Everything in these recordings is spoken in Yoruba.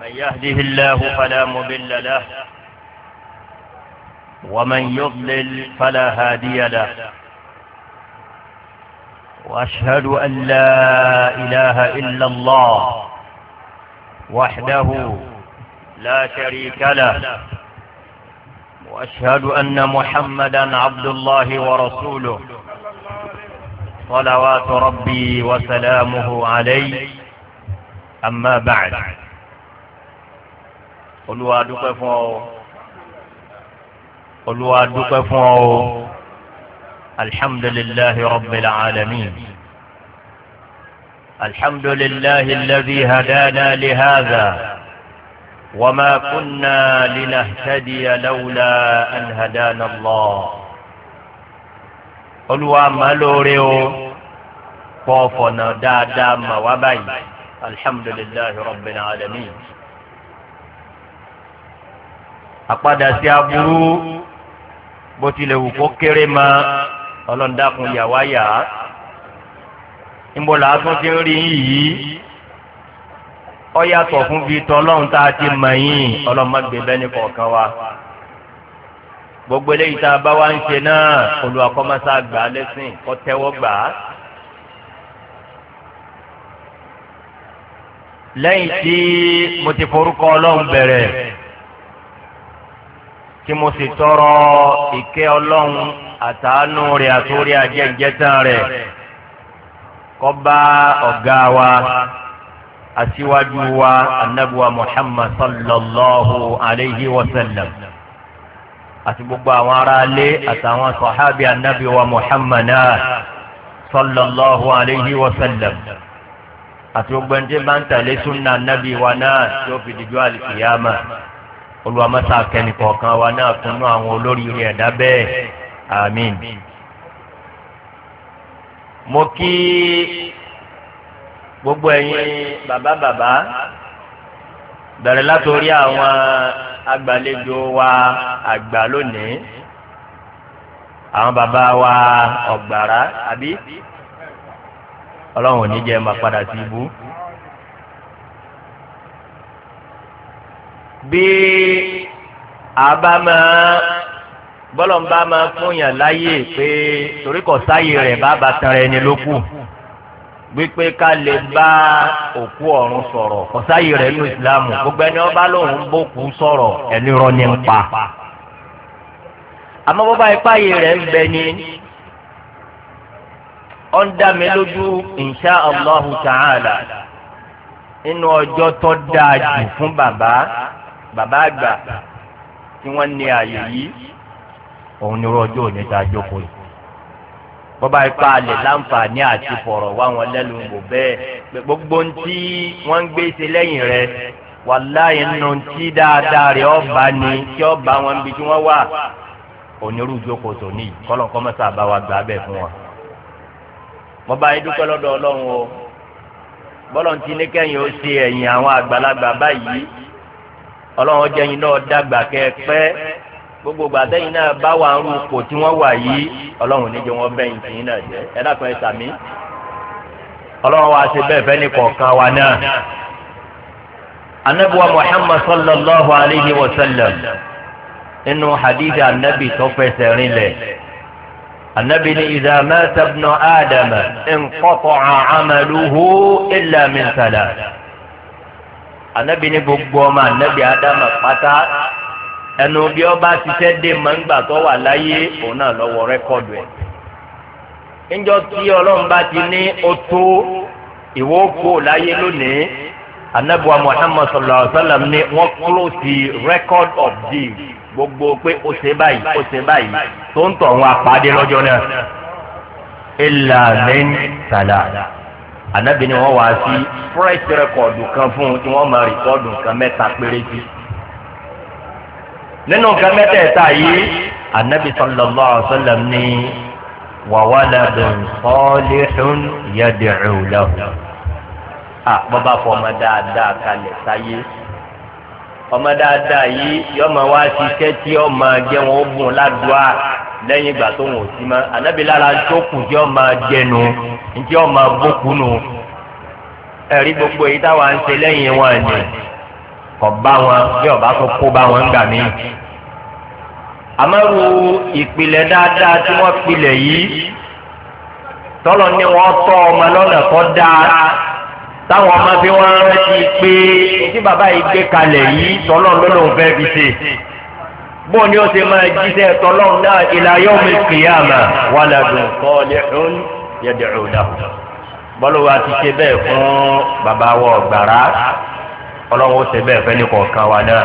من يهده الله فلا مضل له ومن يضلل فلا هادي له وأشهد أن لا إله إلا الله وحده لا شريك له وأشهد أن محمدا عبد الله ورسوله صلوات ربي وسلامه عليه أما بعد olúwa dúpẹ́ fún ọ olúwa dúpẹ́ fún ọ alhamdulilahi rabbil alamin alhamdulilahi alladhi hadana li hadha وما كنا لنهتدي لولا أن هدانا الله olúwa máa lóore o kọ́ fọ̀nà dáadáa mà wá báyìí alhamdulilahi rabbil alamin. àpadà sí aburú bó tilẹ̀ wù kó kéré ma ọlọ́ndàkùn yàwá yà á níbo làá tún ti ń rí yìí ọ yàtọ̀ fún bíi tọ́lọ́hún tá a ti mọ̀ yín ọlọ́mọdé bẹ́ẹ̀ kọ̀ọ̀kan wa gbogbo eléyìí tá a bá wá ń ṣe náà olùwàkọ́mọ́sá gbà á lẹ́sìn kọ́ tẹ́wọ́ gbà á. lẹ́yìn tí mo ti forúkọ ọlọ́run bẹ̀rẹ̀ tí mo sì tọrọ ìkẹ́ ọlọ́run àtàánú rẹ̀ àtúrí ajẹ́jẹ́tàn rẹ̀ kọ́ba ọ̀gá wa aṣíwájú wa anabuwa muhammad sallallahu alayhi wa sallam àti gbogbo àwọn aráalé àtàwọn sọ̀hábì anabiwa muhammad náà sallallahu alayhi wa sallam àti gbogbo ẹni tí sunna anabiwa náà tí fi dìjọ́ àlìkìyàmá olùwàmọ́sá kẹ́nìkọ̀ọ̀kan wa náà tún ná àwọn olórí rẹ̀ dá bẹ́ẹ̀ àmín. mo kí gbogbo ẹ̀yin bàbá bàbá bẹ̀rẹ̀ látòrí àwọn agbàlejò wa àgbà lónìí àwọn bàbá wa ọ̀gbàrá àbí ọlọ́run ò ní jẹ́ máa padà sí ibú. bí Abama bọ́lọ̀mbá máa fún yàn láyè pé torí kò sáyè rẹ̀ bàbá tan rẹ̀ ni ló kù wípé ká lè bá òkú ọ̀run sọ̀rọ̀ kò sáyè rẹ̀ nínú ìsìlámù gbogbo ẹni ọba lòun bókú sọ̀rọ̀ ẹni rọ ní pa àmọ́ bọ́bá ipáyè rẹ̀ ń bẹ ni ó ń dá mi lójú insha Allahu ta'ala inú ọjọ́ tó dáa jù fún bàbá bàbá àgbà tí wọ́n ní ààyè yìí òun ni rọ́jò òní ta jókòó yìí bọ́bá ipá alẹ̀ láǹfààní àti fọ̀rọ̀ wá wọn lẹ́nu wò bẹ́ẹ̀ gbogbo ń tí wọ́n ń gbé ṣe lẹ́yìn rẹ̀ wàláyé nù tí dáadáa rẹ̀ ọba ni tí ọba wọn bí tí wọ́n wà onírú jókòó tòní kọ́lọ̀ kọ́mọ́sá bá wa gbà bẹ́ẹ̀ fún wa. bọ́bá yìí lọ́dọ̀ ọlọ́run o bọ́lọ̀ ń ti ní kẹ́yìn ó ṣe ẹ̀yìn àwọn àgbàlagbà báyìí ọlọ́run jẹ́ yín náà dàgbà kẹ́ pẹ́ gbogbo gbàtẹ́yìn náà bá wà ń rúkò tí wọ́n wà yìí ọlọ́run níjẹ́ wọn bẹ́yìn tì yín náà jẹ́ ẹ dákun ẹ sàmí ọlọ́run wa ṣe bẹ́ẹ̀ fẹ́ni kọ̀ọ̀kan wa náà anabiwa muhammad sallallahu alayhi wa sallam nínú hadith anabi tó fẹsẹ̀ rinlẹ̀ anabi ni idha mata adama in qata'a amaluhu illa min salat anabi ní gbogbo ọmọ anabi adama pátá ẹnu bí ọba ṣiṣẹ́ dé mọ́ngbà tó wà láyé òun náà lọ́wọ́ rẹ́kọ̀dù ẹ̀. níjọ́ tí ọlọ́run bá ti ní o tó ìwọ kó láyé lónìí anabi wa muhammad sallallahu alaihi wa sallam ní wọ́n close the record of deed gbogbo pé o ṣe báyìí o ṣe báyìí tó ń tọ̀ wọn àpàdé lọ́jọ́ náà. ìlànà sàlà ànábì ni wọ́n wá sí fresh record kan fún un tí wọ́n máa rìkọ́dù nǹkan mẹ́ta péré sí. nínú nǹkan mẹ́tẹ̀ẹ̀ta yìí ànábì sallallahu alaihi wasallam ní wa waladun salihun yad'u lahu. à bọ́bá fọmọ dáadáa kalẹ̀ sáyé ọmọ dáadáa yìí yọ máa wá ṣiṣẹ́ tí ọ máa jẹ wọn ó bùn ládùá lẹ́yìn ìgbà tó wọn ò sí mọ́ ànábìlára tó kù tí ọ máa jẹnu tí ọ máa bókù nù ẹ̀rí gbogbo yìí táwa ń ṣe lẹ́yìn wọn ni kò wọn bí ọba tó kó bá wọn gbà mí. àmọ́rù ìpìlẹ̀ dáadáa tí wọ́n pilẹ̀ yìí tọ́lọ́ ni wọ́n tọ́ ọmọ lọ́nà tó dáa táwọn ọmọ fi wọn rántí pé tí bàbá yìí gbé kalẹ̀ yìí tọ́lọ́ lọ́lọ́run fẹ́ fi ṣe bóun ni ó ṣe máa jíṣẹ́ tọ́lọ́run náà ila yawmil qiyamah waladun salihun yad'u lahu bọ́lọ́wọ́ ti ṣe bẹ́ẹ̀ fún bàbá wọ gbàrà ọlọ́run ó ṣe bẹ́ẹ̀ fẹ́ ní kọ̀ọ̀kan wa náà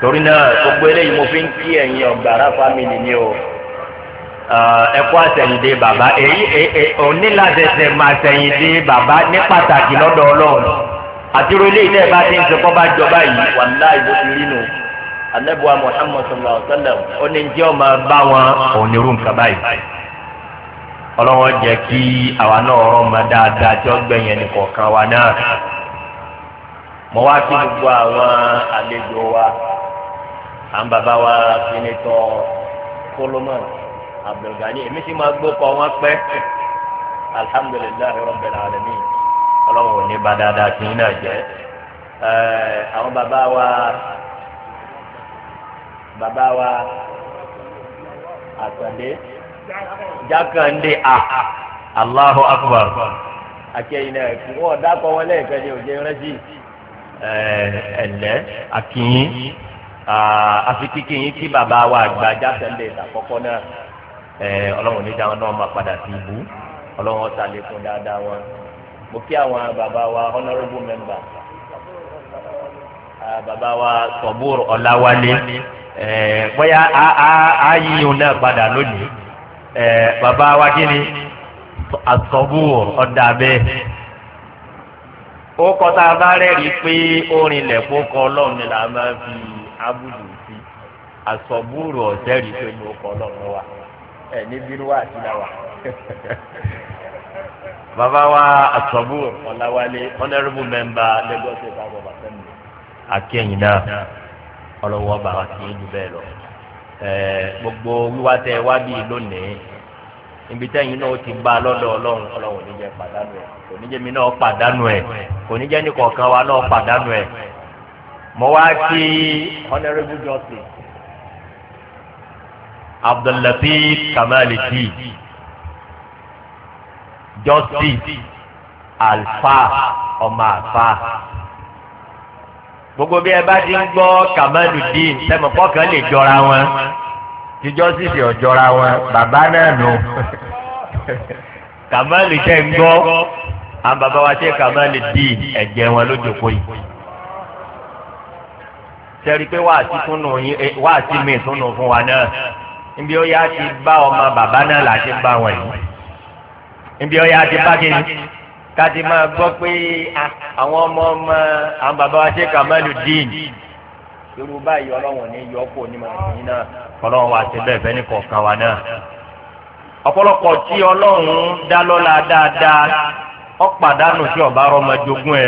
torí náà gbogbo eléyìí mo fi ń kí ẹ̀yin ọ̀gbàrà fámìlì ni o. Eh, ẹkọ àtẹ̀yìndé bàbá èyí onílàtẹ̀tẹ̀ e, e, máa tẹ̀yìndé bàbá ní pàtàkì lọ́dọ̀ ọlọ́run àti ilé ilé bá ti ń sọ kọ́ba jọba yìí wàlá ìbò ti rí nù anabuwa muhammad sallallahu alaihi wa sallam ọmọ bá wọn onírú nǹkan báyìí ọlọ́wọ́n jẹ́ kí àwa náà ọmọ dáadáa tí abdulgani èmi sì máa gbé kọ wọn pẹ́ alhamdulilayi rabbil alamin ọlọ́run ò ní ba dáadáa sí iná jẹ́ àwọn bàbá wa bàbá wa àtàndé jákàndé a allahu akbar akẹ́yìn náà kí wọ́n dákọ̀ wọn lẹ́ẹ̀kan ní òjò rẹ́sì ẹ̀lẹ́ akínyìn àfi kíkìyìn kí bàbá wa àgbà jákàndé àkọ́kọ́ náà. Eh, ọlọ́run níjà wọn náà máa padà sí ibú ọlọ́run ọ̀sà lẹ́kùn dáadáa wọn. mo kí àwọn bàbá wa honourable member ah, bàbá wa sọ̀bùr ọ̀làwálé eh, bóyá ààyìnyún náà padà lónìí eh, bàbá wa kí ni ọ̀dà bẹ́ẹ̀ ó kọ́ tá a ẹ̀ ní bínú wá àti náà bàbá wa àtọ̀bù ọ̀làwálé honourable member lagos state house of assembly akẹ́yìn náà ọlọ́wọ́ bá wa kì í jù bẹ́ẹ̀ lọ. gbogbo wíwá tẹ wá bíi lónìí ibi tẹ́yìn náà ti bá a lọ́dọ̀ ọlọ́run ọlọ́run ò pàdánù ẹ̀ kò mi náà pàdánù ẹ̀ kò wa náà pàdánù ẹ̀ mo wá honourable justice. abdullatif kamalidi justice alfa ọmọ alfa gbogbo bí ẹ bá ti ń gbọ́ kamaludin tẹmọ̀pọ̀ kan lè jọra wọn tí justice ò jọra wọn bàbá náà nù kàmáàlì tẹ ń gbọ́ àwọn bàbá wa tẹ kàmáàlì dín ẹ̀jẹ̀ wọn lójókòó yìí sẹ́rí pé wàá sí eh, mi túnú fún wa náà níbi ó yá ti bá ọmọ bàbá náà là ti bá wọn yìí níbi ó yá ti bá kiri káti máa gbọ́ pé àwọn ọmọ ọmọ àwọn bàbá wa ṣe kàmáàlú dín yorùbá yìí ọlọ́wọ̀n ní yọkù onímọ̀ ìyìn náà ọlọ́wọ̀n wa ti bẹ́ẹ̀ fẹ́ni kọ̀ọ̀kan wa náà ọ̀pọ̀lọpọ̀ tí ọlọ́run dá lọ́la dáadáa ọ̀pàdánù tí ọba rọmọ jogún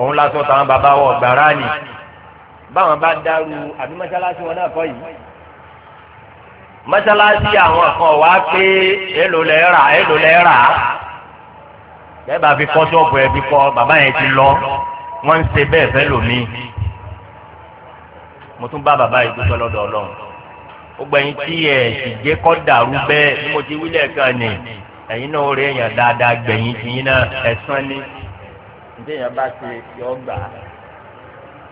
òun lásán táwọn bàbá wọ̀ gbàrá nì báwọn bá dárú àbí mọ́ṣáláṣí wọn náà kọ́ yìí mọ́sálásí àwọn kan wá pé èlò lẹ́ rà èlò lẹ́ rà bẹ́ẹ̀ bá fi kọ́ ṣọ́ọ̀bù ẹ̀ fi kọ́ bàbá yẹn ti lọ wọ́n ń ṣe bẹ́ẹ̀ fẹ́ lómi mo tún bá bàbá yìí dúpẹ́ lọ́dọ̀ ọlọ́run ó gbẹ̀yìn tí ẹ̀ sì jẹ́ kọ́ dàrú bẹ́ẹ̀ bí mo ti wílẹ̀ kan ni ẹ̀yin náà rí èèyàn dáadáa gbẹ̀yìn tìyín náà ẹ̀sán ni ǹjẹ́ èèyàn bá ṣe yọ gbà á.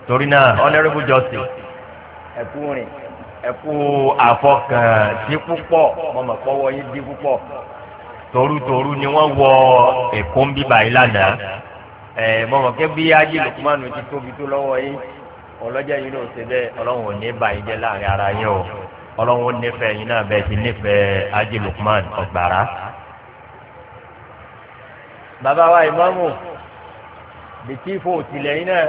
torí náà honourable justice ẹ̀kú rìn ẹkú àfọkàntí púpọ̀ mọ̀mọ́pọ́wọ́ yín dín púpọ̀ torutoru ni wọ́n wọ èkó ń bíbà yìí lánàá ẹ mọ̀mọ́kẹ́ bí ájí lukumanu ti tóbi tó lọ́wọ́ yín ọlọ́jà yìí ló ṣe bẹ́ẹ̀ ọlọ́run ò ní bàyí jẹ́ láàrin ara yín o ọlọ́run ò nífẹ̀ẹ́ yín náà bẹ́ẹ̀ ti nífẹ̀ẹ́ ájí lukuman ọ̀gbàrá. bàbá wa ìmáàmù bìtì fò tilẹ̀ yín náà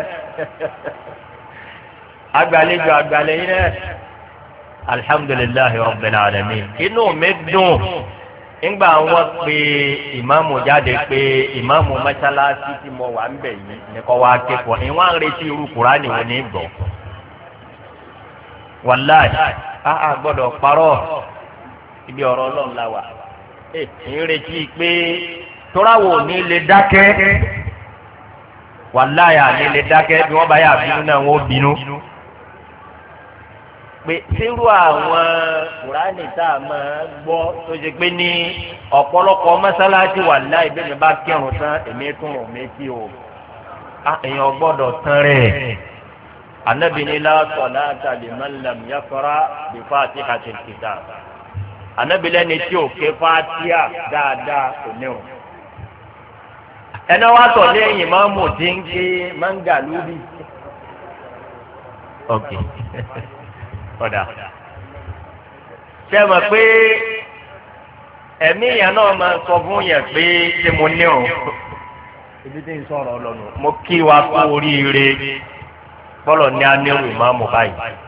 agbàlejò agbàlẹ̀ yín náà. alhamdulilayi rabbil alamin inú mi dùn nígbà wọn pe ìmáàmù jáde pé ìmáàmù mọ́ṣáláṣí ti mọ wà ń bẹ̀ yìí nìkan wá kékọ̀ọ́ ìwọ̀n ń retí irú kùránì wo ní gbọ́ wàláì a gbọ́dọ̀ parọ́ ibi ọ̀rọ̀ Ọlọ́run la wà ẹ ń retí pé tọ́láwò ní lè dákẹ́ wàláì àní lè pé sírú àwọn kùránì tá a máa gbọ́ tó ṣe pé ní ọ̀pọ̀lọpọ̀ mọ́sálásí wà láì bẹ́ẹ̀ mi bá kírun tán èmi tún rò mí tí o èèyàn gbọ́dọ̀ tán rẹ̀ anabinila sọlá tàbí mẹlẹm yafara bí fati àti kìtà anabilẹni tí o ké fatia dáadáa kò ní o ẹni wá sọ lẹ́yìn máa mú dínkì mangalubi. Okay. ọ̀dà ṣe mọ̀ pé ẹ̀mí ìyá náà máa sọ fún yẹn pé ṣé mo ní o ibi tí n sọ̀rọ̀ lọ́nu mo kí wa kú oríire bọ́lọ̀ ní anírù ìmáàmù báyìí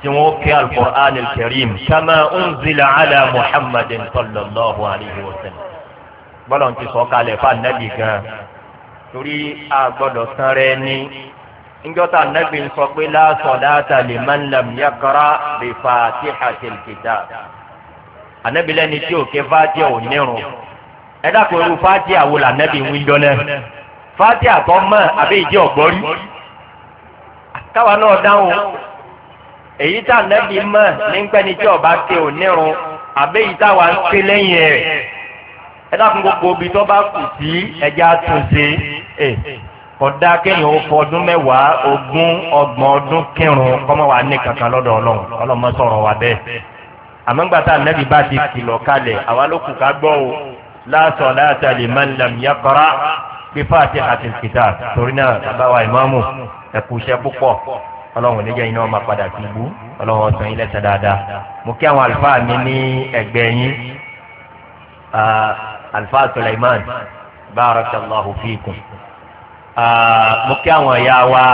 tí wọ́n kí alukur'an kẹrìm kama unzila ala muhammadin sallallahu alayhi wa sallam bọ́lọ̀ ti sọ kalẹ̀ fún anabi gan torí a gbọ́dọ̀ sanrẹ́ ní njɔta anabi nsɔ pé lásɔdáta lè má lam yakara lè fa ti hasil kita anabi lẹni tí o ké fatia ò nírun ẹ dàpọ̀ irú fatia wo la anabi ń wíjọ náà fatia tó mọ̀ àbí ìdí ọ̀gbọ́rí káwa náà dáhùn èyí tá anabi mọ̀ nígbẹ́ni tí ọba ké ò nírun àbí èyí táwa ń ké lẹ́yìn rẹ̀ ẹ dàpọ̀ gbogbo bá kù sí ẹja tó ṣe é. Eh kódà kéèyàn ó fọdún mẹ́wàá ogún ọgbọ̀n ọdún kírun kọ́mọ wa ní kankan lọ́dọ̀ ọlọ́run ọlọ́mọ sọ̀rọ̀ wa bẹ́ẹ̀ àmọ́ngbàtà nẹ́bí bá ti kìlọ̀ kalẹ̀ àwa ló kù ká gbọ́ o la salata liman lam yaqra bi fatihatil kitab torí náà bàbá wa ìmáàmù ẹ̀kú púpọ̀ ọlọ́run níjẹ́ iná máa padà sí ibú ọlọ́run ọ̀sán mo kí àwọn ẹ̀yà wa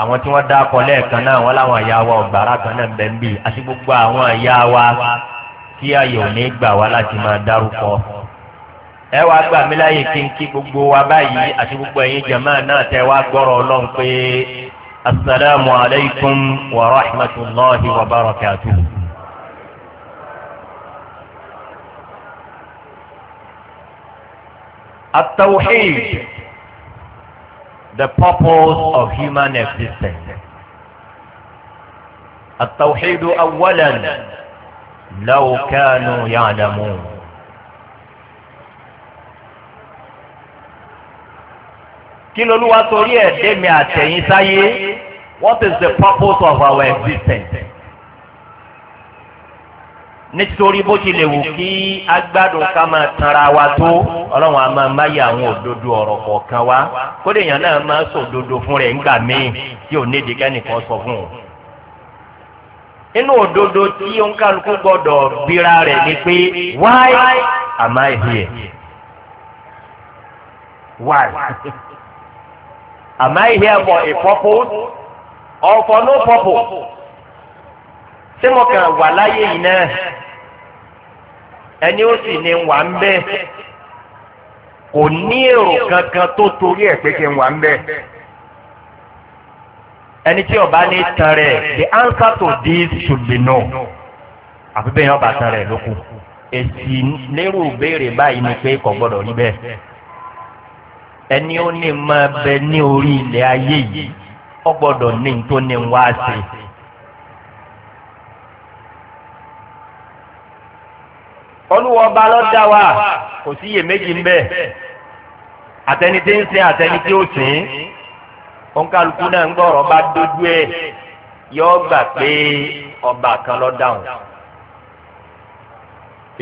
àwọn tí wọ́n dá akọ lẹ́ẹ̀kan náà wọ́n láwọn ẹ̀yà wa ọ̀gbàrà kan náà bẹ̀ ń bì àti gbogbo àwọn ẹ̀yà wa tí ayò ní gbà wá láti máa dárúkọ. ẹ wá gbà mí láyè kí n kí gbogbo wa báyìí àti gbogbo ẹ̀yin jàmá náà tẹ wá gbọ́rọ̀ ọlọ́run pé asalaamu alaykum wa rahmatulahi wa barakatuhu. التوحيد the purpose of human existence. التوحيد أولا لو كانوا يعلمون kí lolúwa torí ẹ̀ dé mi àtẹ̀yìn sáyé what is the purpose of our existence. nítorí bó ti lè wù kí agbádùn wa tó ọlọ́run a máa máyà àwọn òdodo ọ̀rọ̀ kọ̀ọ̀kan wa kódé èèyàn náà máa sọ òdodo fún rẹ̀ ńgbà míì tí ò ní ìdíkẹ́ nìkan sọ fún un. inú òdodo tí ó gbọ́dọ̀ rẹ̀ ni pé why am I here? why? am I here for a purpose or for no purpose? wà láyé yìí náà. ẹni ó sì ní wà ń bẹ kò ní èrò kankan tó torí ekpeke pé kí n wà ń bẹ ẹni tí ọba ní tan rẹ̀ the answer to this should be no àfi bẹ́ẹ̀ ọba tan rẹ̀ ló kù èsì lérò béèrè báyìí ni pé kò gbọ́dọ̀ rí bẹ́ẹ̀ ẹni ó ní máa bẹ ní orí ilẹ̀ ayé yìí ọ gbọ́dọ̀ ní tó ní wá sí i. olúwa ọba lọ́dà wa kò sí mbe, ń bẹ àtẹni tí ń sin àtẹni tí ó sìn ònkàlùkù náà ń gbọ́rọ̀ bá dójú ẹ̀ yọ gbà pé ọba kan lọ́dà wọn.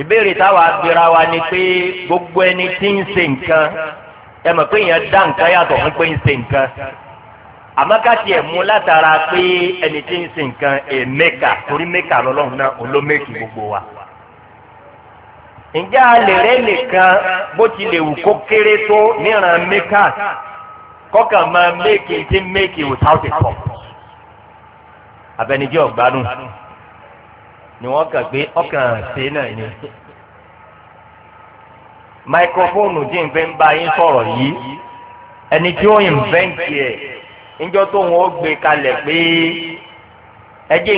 ìbéèrè táwa abira wa ni pé gbogbo ẹni tí ń sin nǹkan ẹ mọ̀ pé èèyàn dá nǹkan yàtọ̀ fún pé ń sin nǹkan àmọ́ ká mú látara pé ẹni tí ń sin nǹkan èèmẹ́kà torí gbogbo wa ǹjẹ́ alèrè nìkan bó ti lè wù kó kéré tó níran mẹ́kà kọ́kàn máa mẹ́kì tí mẹ́kì without a pop abẹnijẹ́ ọ̀gbádùn ni wọ́n kàn gbé ọkàn ṣe náà ni máikrófóònù tí n fẹ́ ń bá yín sọ̀rọ̀ yìí ẹni tí ó ìnvẹ́ǹtì ẹ̀ níjọ́ tó ń gbé kalẹ̀ pé ẹ jẹ́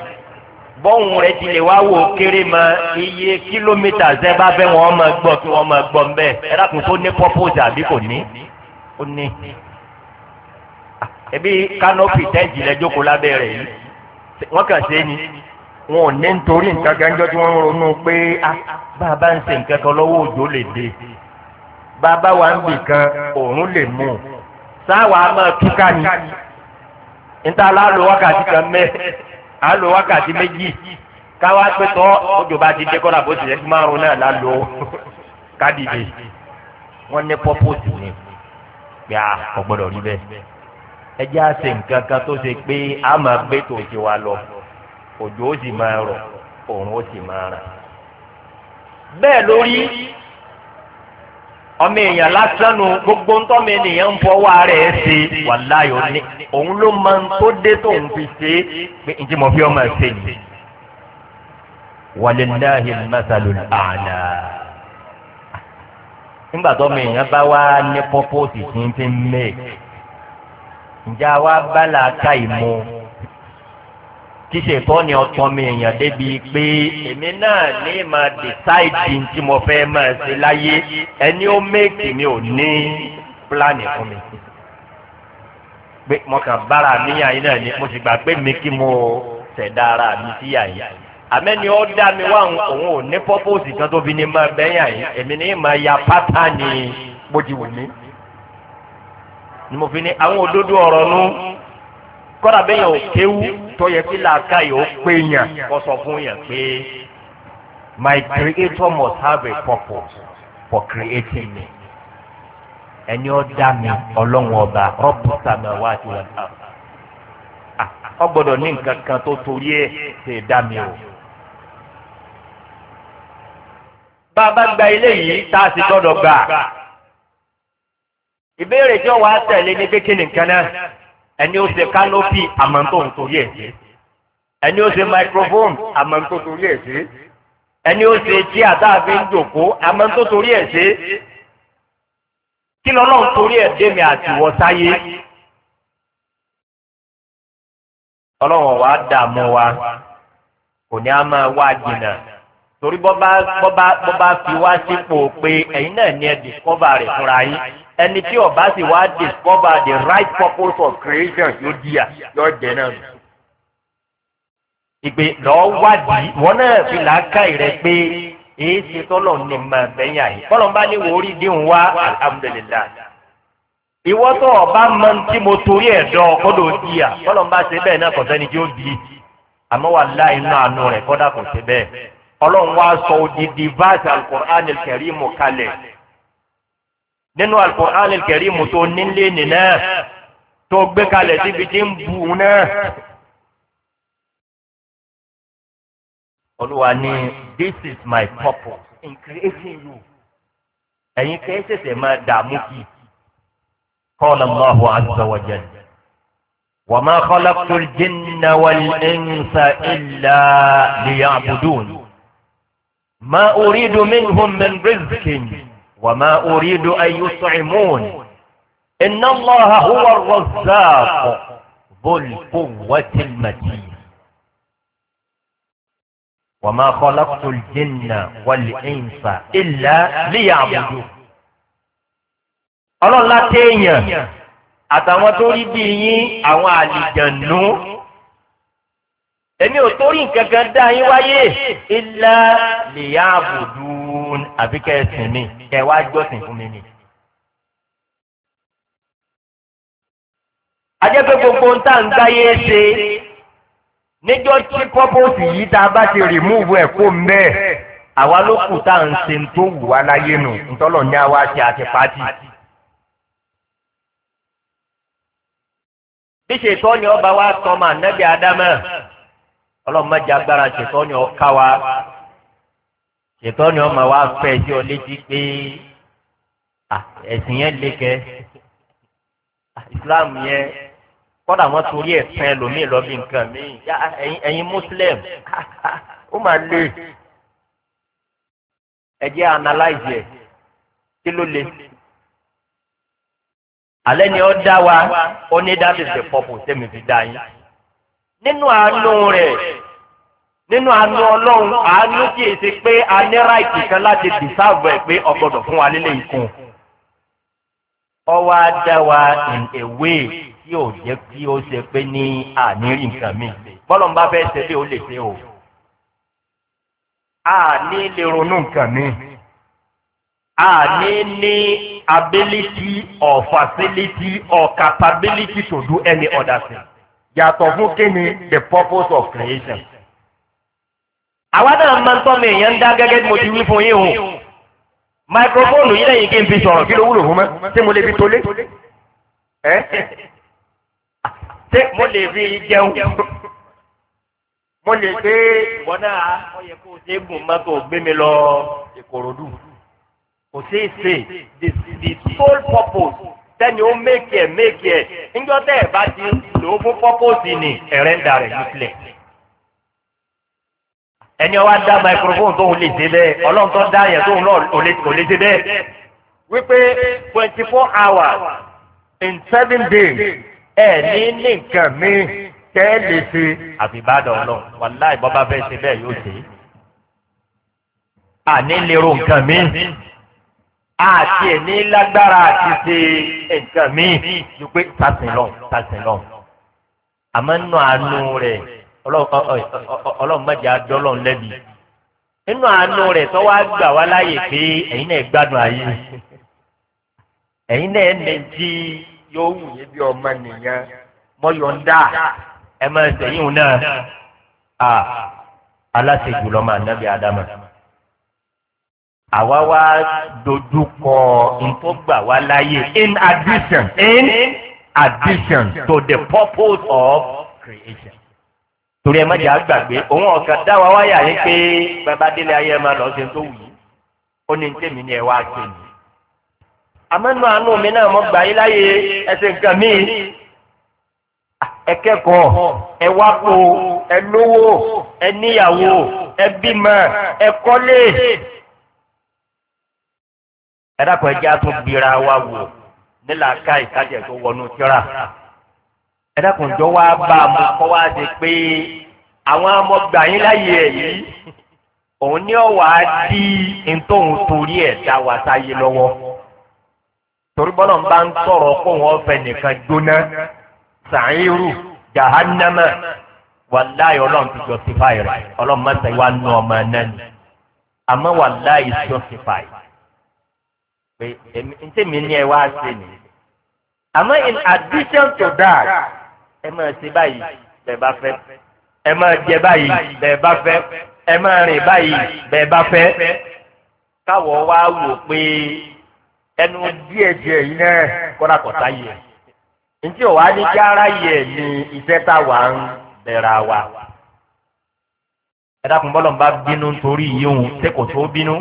ń bọ́ọ̀hún rẹ ti lè wá wò kéré mọ iye kílómítà zẹ́ bá bẹ́ wọn máa gbọ́ kí wọ́n máa gbọ́ ń bẹ́ẹ̀ ẹ dákun tó ní pọ́pọ́sì àbí kò ní ó ní. Ah, ẹbí kánọ́pì tẹ́ǹtì lẹ lábẹ́ rẹ̀ yìí wọ́n kàn ṣe é ni wọn ò ní nítorí nǹkan gánjọ́ tí wọ́n ń ronú pé bàbá ah, ń ṣe nǹkan kan lọ́wọ́ òjò lè dé bàbá wa ń bì kan òórùn lè mú un sáà wàá máa túká a lo wákàtí méjì káwá pé tọ́ ojú bá ti dé kọ́ra bó ti yẹ kí márùn náà la lo kádìdè wọ́n ní pọ́pọ́sì ni pé a kò gbọ́dọ̀ rí bẹ́ẹ̀ ẹ jẹ́ àṣẹ nǹkan kan tó ṣe pé a máa gbé tòṣe wa lọ òjò ó sì máa rọ̀ òun ó sì máa rà bẹ́ẹ̀ lórí ọmọ èèyàn lásán nu gbogbo ntọ́mọ ènìyàn ń fọwọ́ ara ẹ̀ ṣe wàláyé òní òun ló máa ń tó dé tó ń fi ṣe pé njẹ́ mo fi ọmọ ẹ̀ ṣe yìí. wàlíláhi masalu àná. nígbà tó ọmọ èèyàn bá wá ní pọ́pọ́sì tí ń fi mẹ́ẹ̀ ǹjẹ́ àwa bá làákà ìmọ̀ kí ṣètọ́ ni ọ̀tọ́ mi èèyàn débi pé èmi náà ní máa dìsáìdì tí mo fẹ́ máa ṣe láyé ẹni ó méèkì mi ò ní pílánì fún mi. pé mo kàn bára mi yàn yín ni mo sì gbà pé mi kí mo ṣẹ̀dá ara mi sí yàn yín. àmẹ́ni ó dá mi wá òun ò ní pọ́pọ́sì kan tó fi ní máa bẹ́ yàn èmi ní máa ya pátá ni bójúwò ní. ni mo fi ní àwọn òdodo ọ̀rọ̀ nu kọ́ra bẹ́yàn ò kéwú tọ́yẹ kí làákà yìí ó pé yàn kó sọ fún yàn pé my creator must have a purpose for creating me ẹni ó dá mi ọlọ́run ọba rọ́bù sàmì wá àti wọn ta ọ ah, gbọ́dọ̀ ní nǹkan kan tó torí ẹ̀ ṣe dá mi o. bàbá gba ilé yìí tá a sì gbọ́dọ̀ gbà ìbéèrè tí ó wàá tẹ̀lé ní kékeré nǹkan náà ẹni ó ṣe kánópì àmọ́ntò ń torí ẹ̀ ṣe ẹni ó ṣe microphone àmọ́ntò torí ẹ̀ ṣe ẹni ó ṣe tí àtàfin jòkó àmọ́ntò torí ẹ̀ ṣe kí lọ́lọ́run torí ẹ̀ dé mi àtiwọ́ sáyé ọlọ́run wa dààmú wa kò ní a máa wá jìnnà torí bọ́bá bọ́bá bọ́bá fi wá sípò pé ẹ̀yin náà ni ẹ discover rẹ̀ fúnra yín ẹni tí ọba sì wá discover the right purpose of creation yóò di à yóò jẹ náà nù. ìgbè lọ́ọ́ wádìí wọn náà fi làákà rẹ̀ pé èyí ṣe tọ́lọ̀ ní mà bẹ́yìn àyè kọ́lọ̀ bá ní wòórí díhùn wá alhamdulilayi. ìwọ́ tó ọba mọ tí mo torí ẹ̀ dán kọ́dọ̀ di à kọ́lọ̀ bá ṣe bẹ́ẹ̀ náà kọ̀sẹ́ni tí ó di àmọ́ wà láì náà nù rẹ̀ kọ́dà kò ṣe bẹ́ẹ̀. ọlọ́run wá sọ odidi vaasi alukur'an kẹrìmù kalẹ̀ nínú alukur'an kẹrìmù tó nílé nìna tó gbé kalẹ̀ síbi tí ń bu náà. olúwa ní this is my purpose in creating you ẹ̀yin kẹ́ ẹ́ ṣẹ̀ṣẹ̀ máa dààmú kí kọ́ ọ́nà máa hu wa jẹ́ ni. wàmà kọ́lákùtù jìnnà wàlẹ́ńsà ìlà lìyàbùdùn. ما أريد منهم من رزق وما أريد أن يطعمون إن الله هو الرزاق ذو القوة المتين وما خلقت الجن والإنس إلا ليعبدون ọlọ́run láti èèyàn àtàwọn tó rí bí yín èmi ò torí nǹkan kan dá yín wáyé ilá lèyà àbùdùn àbí kẹ́ ẹ sìn wá gbọ́sìn fún mi ni. ajẹ́pẹ́ gbogbo ń tà ń gbáyé ṣe níjọ́ tí pọ́pọ́sì yìí tá a bá ti rìmúùfù ẹ̀ kó mbẹ́ àwa ló kù tá à ń ṣe tó wù wá láyé nù ntọ́lọ̀ ní àwa ṣe àti pàtì. bí ṣètọ́ ni ọba wa nẹ́bí adámẹ́. ọlọ́run má jẹ́ agbára ṣètọ́ ni ọ̀ká wa ṣètọ́ ni ọmọ wa fẹ́ sí ọ létí pé ẹ̀sìn yẹn lé kẹ́ islam yẹn kọ́dà wọ́n torí ẹ̀ fẹ́ lómìn lọ́bì nǹkan mi ẹ̀yin muslim ó mà lè ẹ jẹ́ analyze ẹ̀ kí ló lè alẹ́ ni ó dá wa ó ní that is the fi dá yín nínú àánú rẹ̀ nínú àánú ọlọ́run àánú kì í ṣe pé a ní ráìtì kan láti dìsáàbù ẹ̀ pé ọgbọ́dọ̀ fún wa lílé ikùn. ọwọ́ á dá in a way tí ò jẹ́ kí ó ṣe pé ní àníyàn nǹkan mi bọ́lọ̀ ń bá fẹ́ ṣe bí ó lè ṣe o. a lè ronú nǹkan mi a ní ability or facility or capability to do any other thing yàtọ̀ fún kí ni the purpose of creation. àwa náà máa ń tọ́ mi èèyàn ń dá gẹ́gẹ́ bí mo ti wí fún yín o máikrófóònù yìí lẹ́yìn kí n fi sọ̀rọ̀ kí ló wúlò fún mọ́ tí mo lè fi tolé ẹ́ tí mo lè fi jẹun mo lè gbé ìwọ náà ó yẹ kó o ṣe é gùn mọ́tò gbé mi lọ ìkòròdú kò sí ìsè the sole purpose kẹ́ni ó méèkì ẹ̀ níjọ́ tẹ́ ẹ̀ bá ti lò fún pọ́pọ́sì ni ẹ̀rẹ́ ń da nípìlẹ̀. ẹni ọwọ́ dá microphone tóun lè dé bẹ́ẹ̀ ọlọ́run tó dá yẹn tóun náà kò lè dé bẹ́ẹ̀ wípé twenty four hours in seven days ẹ̀ ní ní nǹkan mi tẹ́ ẹ lè ṣe àbíbádọ́ náà wàláì bọ́ bá fẹ́ ṣe bẹ́ẹ̀ yóò ṣe. àní lè ro nǹkan mi àti ẹ̀ní lágbára àti ṣe nǹkan míì ju pé tàṣẹ lọ tàṣẹ lọ. àmọ́ nínú àánú rẹ̀ ọlọ́run mọ̀jẹ̀ adọ́lọ́run lẹ́bi nínú àánú rẹ̀ tó wá gbà wá láàyè pé ẹ̀yin náà gbádùn ayé ẹ̀yin náà ní tí yóò wù yé bí ọmọ nìyẹn mọ́yọ̀ǹda ẹ̀ máa ṣẹ̀yìn náà aláṣẹ jùlọ máa nábì ádámà àwa wá dojú kọ ntọ́gbà wa láyé in addition in addition to the purpose of creation torí ẹ má jẹ́ àgbàgbé òun ọ̀kan dá wa wáyà yín pé bàbá délé ayé ẹ máa lọ ṣe tó wù yín ó ní tèmi ni ẹ wá ṣe nìyí. àmọ́nù àánú mi náà mo gbà yín láyé ẹsẹ̀ nǹkan mi ẹ kẹ́kọ̀ọ́ ẹ wá kó ẹ ẹ̀dàpọ̀ ẹja tó gbéra wa wò nílà ká ìtajà tó wọnú tíra ẹ̀dàpọ̀ ìjọ wa bá a mú kọ́ wa ṣe pé àwọn ọmọgbà yín láyé ẹ̀ yìí òun ní ọ̀wà á dí ntòun torí ẹ̀ dá wa sáyé lọ́wọ́ torí bọ́lá ń bá ń tọrọ kó wọn fẹ́ nìkan jóná sàírù jahannama wàláyé ọlọ́run ti justify rẹ̀ ọlọ́run mọ̀sẹ̀ wa nù ọmọ náà ni àmọ́ wàláyé justify rẹ̀ pé ntẹ̀mí ni ẹ wá ṣe ni àmọ́ in addition to that ẹ máa ṣe báyìí bẹ́ẹ̀ bá fẹ́ ẹ máa jẹ báyìí bẹ́ẹ̀ bá fẹ́ ẹ máa rìn báyìí bẹ́ẹ̀ bá fẹ́ káwọ̀ wá wò pé ẹnu díẹ̀ díẹ̀ yìí náà kọ́dà kọ́tà yẹ ntí ò wá ní kí ara yẹ ni iṣẹ́ tá a wà ń bẹ̀rẹ̀ wa ẹ dákun bọ́lọ̀ ń bá bínú torí yìí òun tó bínú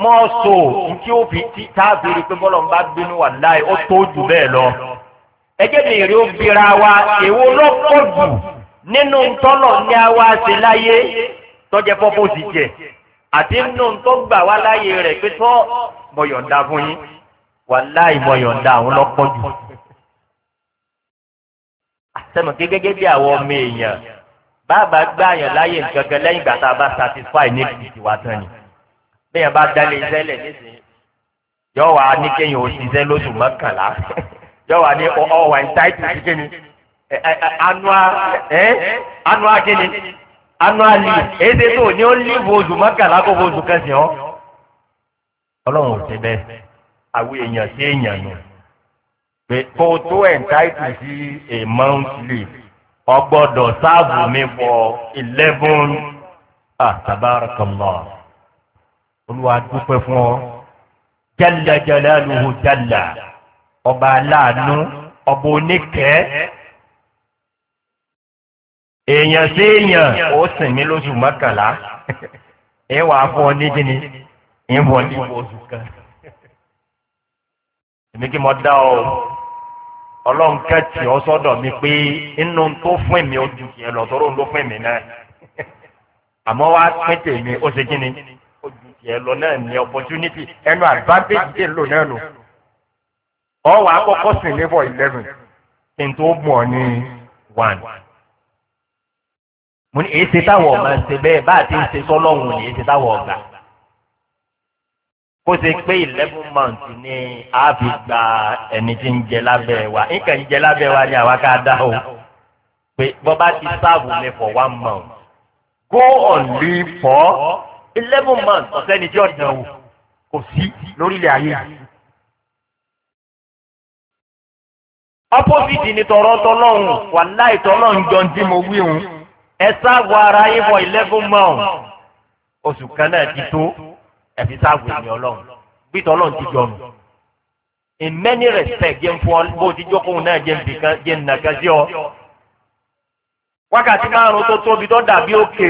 mọ́ọ̀sọ̀ ntí ó fi tí táàbìrì pé bọ́lọ̀ ń bá gbénu wà láì ó tó jù bẹ́ẹ̀ lọ. ẹjẹ́ mi rí ó bira wa èwo lọ́pọ̀ jù nínú ntọ́lọ̀ ní àwa ṣe láyé tọ́jẹ́ pọ́pọ́ sì jẹ àti nínú ntọ́ gbà wá láyé rẹ̀ pé tọ́ mọ̀yọ̀ǹda fún yín wà láì mọ̀yọ̀ǹda àwọn lọ́pọ̀ jù. àtẹnu gẹ́gẹ́ bí àwọn ọmọ èèyàn bàbá gbààyàn láyé nǹkan kan lẹ́yìn gbàtà bá satisfy ní ìdìwà tán ni bẹ́ẹ̀ bá dalẹ̀ iṣẹ́ lẹ̀ nísìnyí yọ wà ní kéyìn òṣìṣẹ́ lóṣù mọ́kànlá yọ wà ní ọwà ìtàìtì sí kéyìn anua anua kéyìn anua lì èdè tó ní ó lì fòṣù mọ́kànlá kó fòṣù kẹsàn án ọlọ́run ò sí bẹ́ẹ̀ àwọn èèyàn sí èèyàn nù pé kó tó ẹ̀ńtàìtì sí a month leave ọgbọ́dọ̀ sáàbù mi for eleven ah tabarakallah olúwa dúpẹ́ fún ọ jálajàlá lóhùn jálà ọba aláàánú ọba oníkẹ́ èèyàn sí èèyàn ó sìn mí lóṣù mọ́kànlá ẹ wà á fún ọ ní kíni ẹ wọ ní oṣù kan èmi kí mo dá ọ ọlọ́run kẹ́tì ọ sọ́dọ̀ mi pé inú tó fún mi ojú yẹn lọ sọ́dọ̀ ló fún mi náà àmọ́ wá pín tèmi ó ṣe kíni tiẹ̀ lọ náà ní opportunity ẹnu advantage dé lò náà nù. ọwọ́ akọ́kọ́ sì ní for eleven kí n tó mọ̀ ní one. mo ní èyí ṣe táwọn ọmọ ṣe bẹ́ẹ̀ bá a ti ń ṣe sọ́lọ́hún ní èyí ṣe táwọn ọ̀gá. kó ṣe pé eleven months ni a fi gba ẹni tí ń jẹ lábẹ́ wa nǹkan jẹ lábẹ́ wa ni àwa ká dá o pé bọ́ bá ti sáàbù mi for one month go on leave for eleven months ọ̀sẹ́ni tí ọ̀dàn wò kò sí lórílẹ̀ ayé. opposite ni tọrọ tọlọ́hún wàláì tọlọ́hún jọ ń tí mo wí hun ẹ sáàbù ara yín for eleven months oṣù kan náà ti tó ẹ̀fí sáàbù èmi ọlọ́run bí tọlọ́hún ti jọ nù. in many respects jẹ́ ń fọ́ bó ti jókòó náà jẹ́ ń bìkan jẹ́ ń nàkan sí ọ wákàtí márùn tó tóbi tó dàbí òkè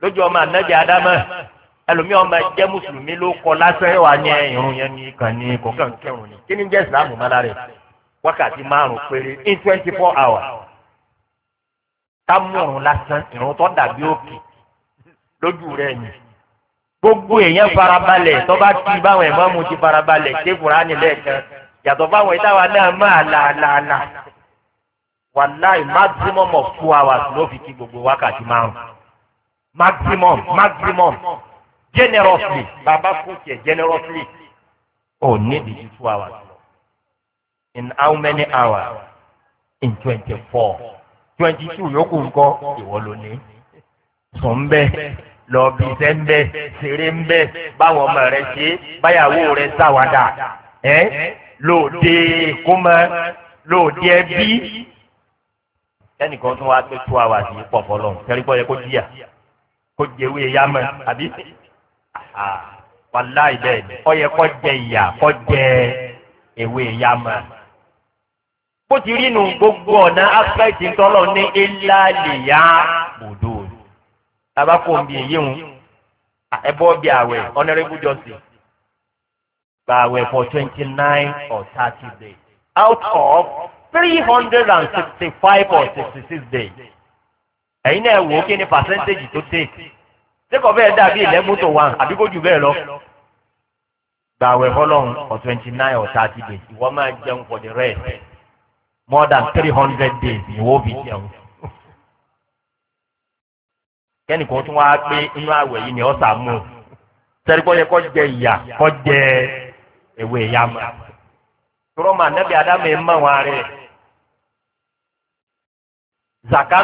lójú ọmọ ànájà ádámẹ ẹlòmíì ọmọ ẹjẹ mùsùlùmí ló kọ lásán wà ní irun yẹn ní kan ní kọkàn kẹrùn ni kí ni jẹ ìsìlámù má lára wákàtí márùn péré in twenty four hours ká lásán irun tó dàbí òkè lójú rẹ ni gbogbo èèyàn farabalẹ̀ tó ti báwọn ẹ̀mọ́ mu ti farabalẹ̀ ṣé fúrání lẹ́ẹ̀kan yàtọ̀ fáwọn ìtawà náà máa là là là wàláì maximum of two hours ló fi kí gbogbo wákàtí márùn maximum maximum. maximum generously Baba fún tiẹ̀ generously ò ní di two hours in how many hours in twenty four twenty two yòókù ńkọ ìwọ ló ní sùn bẹ́ẹ̀ lọ bí iṣẹ́ ń bẹ́ ṣeré ń bẹ́ báwọn ọmọ rẹ ṣe báyàwó rẹ ṣàwádà ẹ́ lóde kọ́mọ lóde ẹbí ẹnìkan tún wá pé two hours yìí pọ̀ fọlọ́n kẹrí pọ́ yẹ kó jíyà kó jẹ́wé yámẹ́ àbí. wàláì bẹ́ẹ̀ ni ọyẹ kọ́ jẹ ìyà kọ́ jẹ ewé ìyá mọ́ bó ti rí nu gbogbo ọ̀nà aspect ńtọ́lọ̀ ní ilá lìyá bòdò tabako ń bi èyí ń ẹbọ bí àwẹ̀ honourable justice gba àwẹ̀ for twenty nine or thirty days out of three hundred and sixty five or sixty six days ẹ̀yin náà wò ó kí ni percentage tó take. sẹ́kọ̀ bẹ́ẹ̀ dàbí ìlẹ́gbótò wa àbí kó jù bẹ́ẹ̀ lọ. gbàwẹ̀ fọlọ́run for twenty nine or thirty days ìwọ máa jẹun for the rest more than three hundred days ìwọ fi jẹun. kẹ́nìkan tún wá pé inú àwẹ̀ yìí ni ọ̀sà mú un sẹ́ríkọ́ yẹ kọ́ jẹ ìyà kọ́ jẹ ewé ìyá mọ́. tọ́lọ́mà nẹ́bí adámẹ́ mọ́ wọn rẹ̀. zaka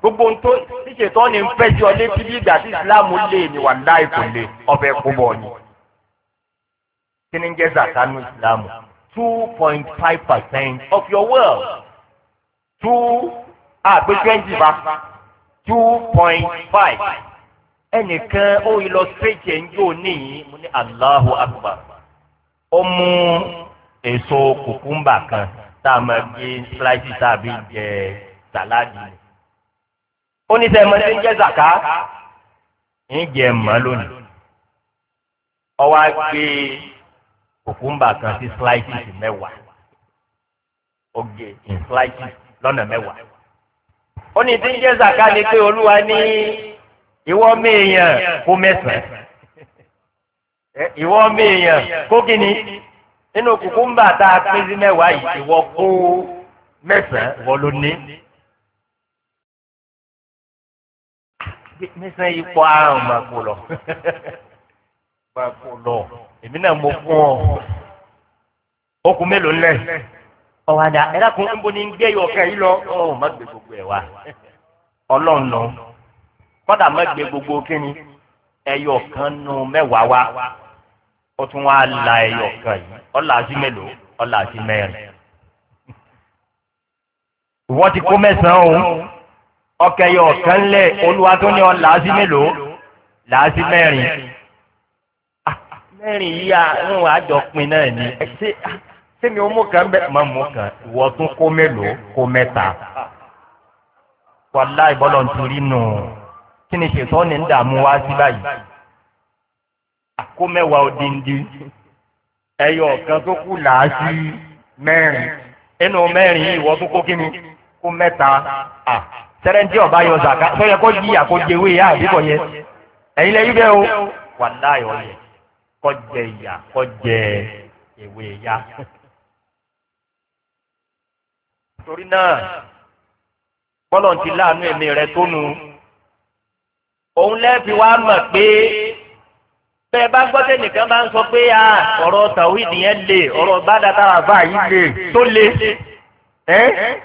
gbogbo ntó ṣíṣètò ní nfẹjọ létí bí ìgbà tí islam lè ní wà láì kò lè ọbẹ kúbọ ni kí ni ń jẹ zakanu islam two point five percent of your world. two àgbẹ twenty ba two point five ẹnìkan ó yí lọ ṣèjẹ njó níyì mo ní allahu akbar ó mú èso kùkúmbà kan tá a máa gbé síláìsì tàbí jẹ sàláàdì ó ní sẹ́ mọ́tí ń jẹ́ zaka ń jẹ́ mọ́ lónìí ọwọ́ á gbé kòkúmbà kan sí slices mẹ́wàá oge in slices lọ́nà mẹ́wàá ó ní tí ń jẹ́ zaka ni pé olúwa ní ìwọ́ mẹ́yàn kó mẹ́sàn-án ìwọ́ mẹ́yàn kó kíni nínú kòkúmbà tá a pín sí mẹ́wàá yìí ìwọ́ kó mẹ́sàn-án wọ́n ló ní. nísìnyí yìí kọ́ àrùn máa kó lọ máa kó lọ èmi náà mo fún ọ okùn mélòó ńlẹ̀ ọ̀wádà ẹ dákun ẹ ń bo ni ń gbé ọ̀kẹ́ yìí lọ ọ̀ má gbé gbogbo ẹ̀ wá ọlọ́run lọ kọ́dà má gbé gbogbo kínní ẹyọ kan nù mẹ́wàá wá ó tún wá la ẹyọ kan yìí ọ̀là àti mélòó ọ̀là àti mẹ́rin ìwọ́n ti kó mẹ́sàn-án o ọkẹ yọ ọkàn lẹ olúwa tó ní ọ làásì mélòó làásì mẹrin ah, mẹrin yìí à ń wà á jọ pin náà ni ṣé ah, ṣé mi ò mú kan bẹ mọ mú kan ìwọ tún kó mélòó kó mẹta wàlá ìbọlọ nítorí nù kí ni ṣètò ní dààmú wá sí báyìí ah, kó odindi ẹyọ ọkàn tó kù làásì mẹrin ẹnu mẹrin ìwọ tún kó kí ni kó mẹta à tẹ́rẹ́ntì ọ̀bá yọ zàká tó yẹ kó yíyà kó jẹwé yá àdìbò yẹ ẹ̀yin lẹ́yìn bẹ́ẹ̀ o wà láyọ̀ yẹ kó jẹ ìyà kó jẹ ìwé yá. torí náà bọ́lọ̀ ti láàánú ẹ̀mí rẹ tó nu òun lẹ́ẹ̀fi wá mọ̀ pé bẹ́ẹ̀ bá gbọ́ tẹ́nìkan bá ń sọ pé ọ̀rọ̀ tàwí nìyẹn lè ọ̀rọ̀ bá dàtà àbá yìí lè tó lè ẹ́.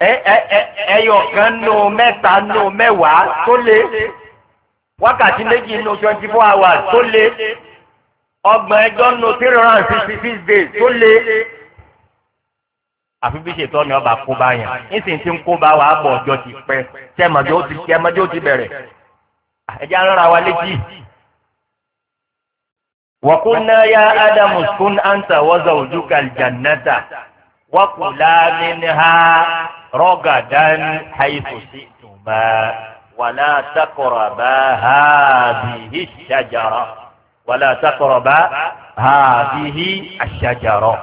Eyo nù mẹ́ta nù mẹ́wàá tó lé wákàtí méjì nù twenty four hours tó lé ọgbọ̀n nù three days tó lé. àfi bí ṣètò ọba kó bá yàn nísìnyí ń kó bá wàá bọ̀ ọjọ́ ti pẹ́ tẹ́mọ̀dé ó ti ó ti bẹ̀rẹ̀ ẹja rárá wa létí. wọ́kúnná yá ádámù skún ánsà wọ́zà ha. رغدا حيث شئتما ولا تقربا هذه الشجرة ولا تقربا هذه الشجرة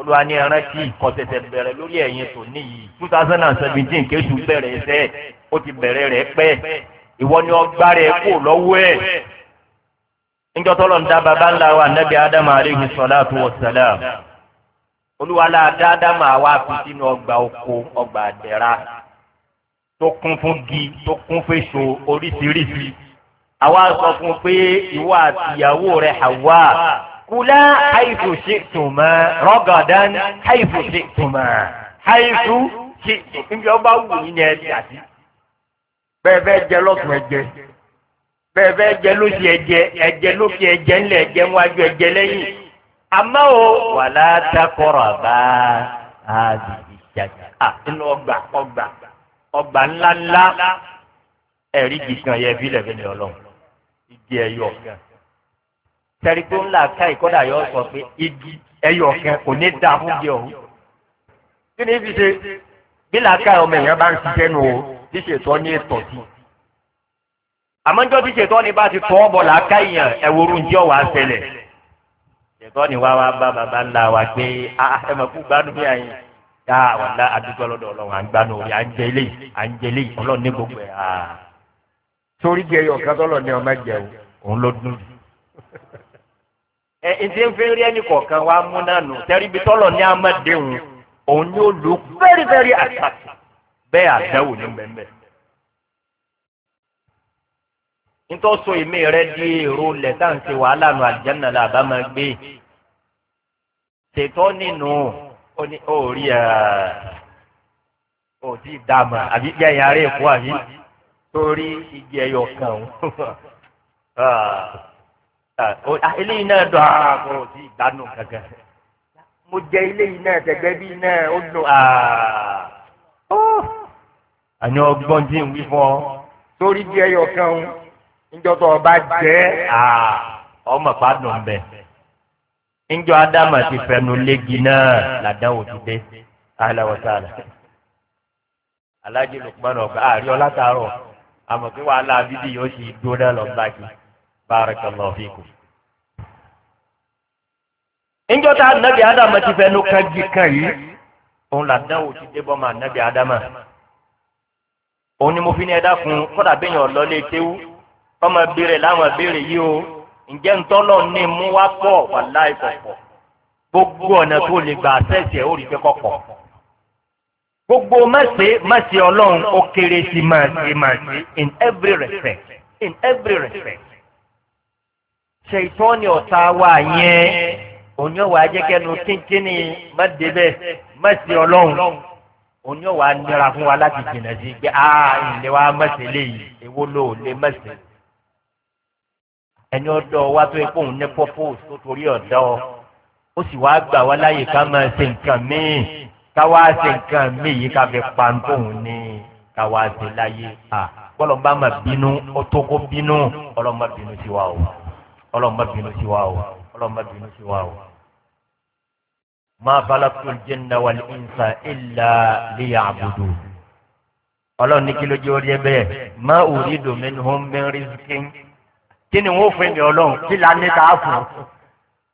olúwa ní ẹrántí ìkọ̀tẹ̀tẹ̀ bẹ̀rẹ̀ lórí ẹ̀yìn tó níyì two thousand and seventeen kéṣù bẹ̀rẹ̀ ẹsẹ̀ ó ti bẹ̀rẹ̀ rẹ̀ pẹ́ ìwọ ni ọgbà rẹ̀ kò lọ́wọ́ ẹ̀ níjọ́ tọ́lọ́ ń dá baba ńlá wa nẹ́bí ádámù alayhi salatu wa salam olúwalá dáadáa máa wá fi sínú ọgbà oko ọgbà àdẹ̀ra tó kún fún gi tó kún fún èso oríṣiríṣi àwa sọ fún pé ìwọ àtìyàwó rẹ àwa kula haifu ṣètùmọ̀ rọ́gàdán haifu ṣètùmọ̀ haifu ṣètùmọ̀ níbi ọba wù yín ni ẹ ti àti bẹ́ẹ̀ bẹ́ẹ̀ jẹ́ lọ́sùn ẹ̀jẹ̀ bẹ́ẹ̀ bẹ́ẹ̀ jẹ́ lóṣì ẹ̀jẹ̀ ẹ̀jẹ̀ lókè ẹ̀jẹ̀ ńlẹ̀ ẹ̀jẹ̀ ńwájú ẹ̀jẹ̀ lẹ́yìn àmọ́ o wàlá dákọ̀rọ̀ bá a lè jàjà à nínú ọgbà ọgbà ọgbà ńláńlá ẹ̀rí gìkan yẹ bí lẹ́gbẹ̀ẹ́ ọlọ́run igi ẹ̀yọ kan tẹ̀rí tó ńlá ká ìkọ́dà yọ sọ pé igi ẹ̀yọ kan kò ní dáa fún bí ọ̀hún kí ni fi ṣe bí làákà ọmọ èèyàn bá ń ṣiṣẹ́ nù o tí ṣètò ní ètò sí àmọ́jọ́ tí ṣètò ní bá ti tọ́ ọ bọ̀ làákà èèyàn ẹ̀wòrú ń jẹ́ ọ̀wà ṣẹlẹ̀ ṣètò ni wá wá bá bàbá ńlá wa pé ah, ah, ẹ mọ̀ kú gbádùn bí àyìn yá wàlá àdúgbò ọlọ́dọ̀ ọlọ́run à ń gbádùn orí à ń jẹ eléyìí à ń jẹ eléyìí ọlọ́run ní gbogbo ẹ̀ à. Ah. torí jẹ yọ ọ̀kan tọ́lọ̀ ní ọmọ jẹun òun ló dùn. ẹ ẹ ń fi rí ẹnì kọ̀ọ̀kan wa mú náà tẹ́ríbi tọ́lọ̀ ní amadéhùn òun yóò lù very very attractive bẹ́ẹ̀ àdáwò ní bẹ́ẹ̀ nítorí sọ èmi rẹ di èrò lẹ̀ tá à ń wàhálà nù àlìjáná la bá máa gbé ṣètò nínú orí ẹ̀ ò tí ì dààmú àbí bí ẹ̀yà rẹ̀ kú àbí torí igi ẹ̀yọ̀ kan o ah, ah, ah, eléyìí náà dọ̀ ara kò tí ì gbádùn kankan mo jẹ eléyìí náà tẹ̀gbẹ́ bíi náà ó dùn oh, àní ọgbọ́n tí wí fún ọ torí bí ẹ̀yọ̀ kan o njọ tó ọba jẹ ọmọ fàdùn bẹ njọ adama ti fẹnu léegi náà làdáwò ti dé àlẹ wọtá rẹ alájí lukman ọgá àrí ọlátàárọ àmọkí wàhálà bíbí yóò sì dúró lọ báyìí bárẹkà lọ fíkù. njọ tá anabi adama ti fẹnu kánjú kan yìí òun làdáwò ti dé bọ́mọ anabi adama òun ni mo fi ní ẹ dákun kọ́dà bẹ́yìn ọ̀lọ́lé kéwú kọ́mọ béèrè láwọn béèrè yìí o ǹjẹ́ ntọ́lọ̀ ní mú wá pọ̀ wà láì pọ̀pọ̀ gbogbo ọ̀nà tó lè gbà sẹ́ẹ̀sì ẹ̀ ó rí pẹ́kọ̀ pọ̀ gbogbo mẹ́sẹ̀ mẹ́sẹ̀ ọlọ́run ó kéré sí máa ṣe máa ṣe in every respect in every respect ṣe ìtọ́ni ọ̀tá wa yẹn ònyọ́ wa jẹ́kẹ́nu kínkínní má débẹ̀ mẹ́sẹ̀ ọlọ́run ònyọ́ wa nira fún wa láti jìnnà sí pé a ìlẹ̀ mẹ́sẹ̀ léyìí èwo ló lè mẹ́sẹ̀ ẹni ọdọ wa tó yẹ kó òun ní purpose tó torí ọdọ ó sì wá gbà wá láyè ká máa ṣe nǹkan míì ká wá ṣe nǹkan míì yìí ká fi pa tóun ní ká wá ṣe láyè à kọlọmọba máa bínú ó tó kó bínú ọlọmọ bínú sí wa o ọlọmọ bínú sí wa o ọlọmọ bínú sí wa o. máa falakun jẹ́nà wà ní ìsà ìlà léyà àbùdù ọlọ́run ní kí ló jẹ́ orí ẹ bẹ́ẹ̀ má òrí domin home mary skin. kí ni fún mi ọlọ́run kí la ní ká fún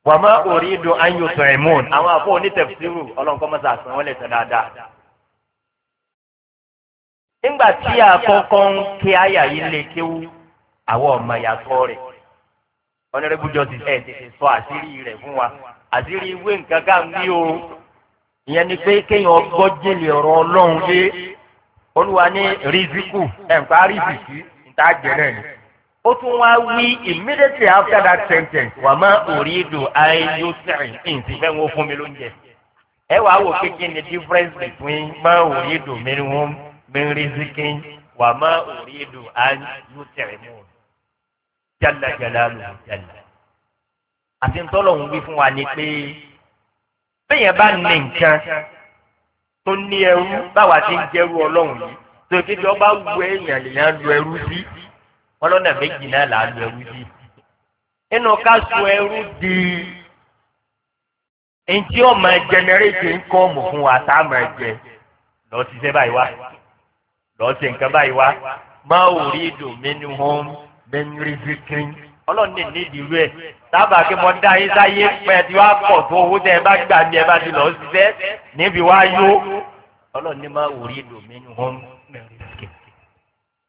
wà má orí do anyo tó ẹ̀ mọ́ọ̀n àwọn àfọ onítẹ̀fùsírù ọlọ́run kọ́ mọ́sá àsán wọ́n lè tẹ̀ dáadáa. nígbà tí àkọ́kọ́ ń kí àyà yìí lè kéwú àwọn ọmọ ìyàtọ̀ rẹ̀ ọ̀nẹ́rẹ́bù jọ́sìn ẹ̀ sọ àṣírí rẹ̀ fún wa àṣírí ìwé nǹkan ká o ìyẹn ni pé kéèyàn gbọ́jìnlẹ̀ ọ̀rọ̀ ọlọ́run olúwa ní rìzíkù ó tún wá wí immediately after that sentence wà má òrìdù ayé yóò sẹ́yìn ǹsí fẹ́ wọ́n fún mi lóúnjẹ. ẹ wàá wò kékeré ní difference between má òrìdù mẹ́rin mẹ́rin wà má òrìdù ayé yóò sẹ́yìn mọ́ jalajala ló jala. àti ntọ́lọ̀ ń wí fún wa ni pé bẹ́yẹn bá ní nǹkan tó ní ẹrú báwa ti ń jẹ́rú ọlọ́run yìí tó ìfijọ́ bá wù ẹ̀yàn lèèyàn lu ẹrú sí wọn lọ́nà méjì náà là á lu ẹrú yìí nínú ká so ẹrú di ntí ọmọ jẹnẹrétì ńkọ́ọ̀mù fún wa tá a mọ̀ ẹ jẹ lọ sí sẹ́ báyìí wá lọ sí nǹkan báyìí wá má ò rí domínú hóm mẹ́nyírí zikirin ọlọ́ọ̀ni nídìí rú ẹ̀ sábà kí mo dá yín sáyé pẹ́ tí wàá pọ̀ tó owó tẹ́ ẹ bá gbà ní ẹ bá ti lọ sí sẹ́ níbi wá yó ọlọ́ọ̀ni má ò rí domínú hóm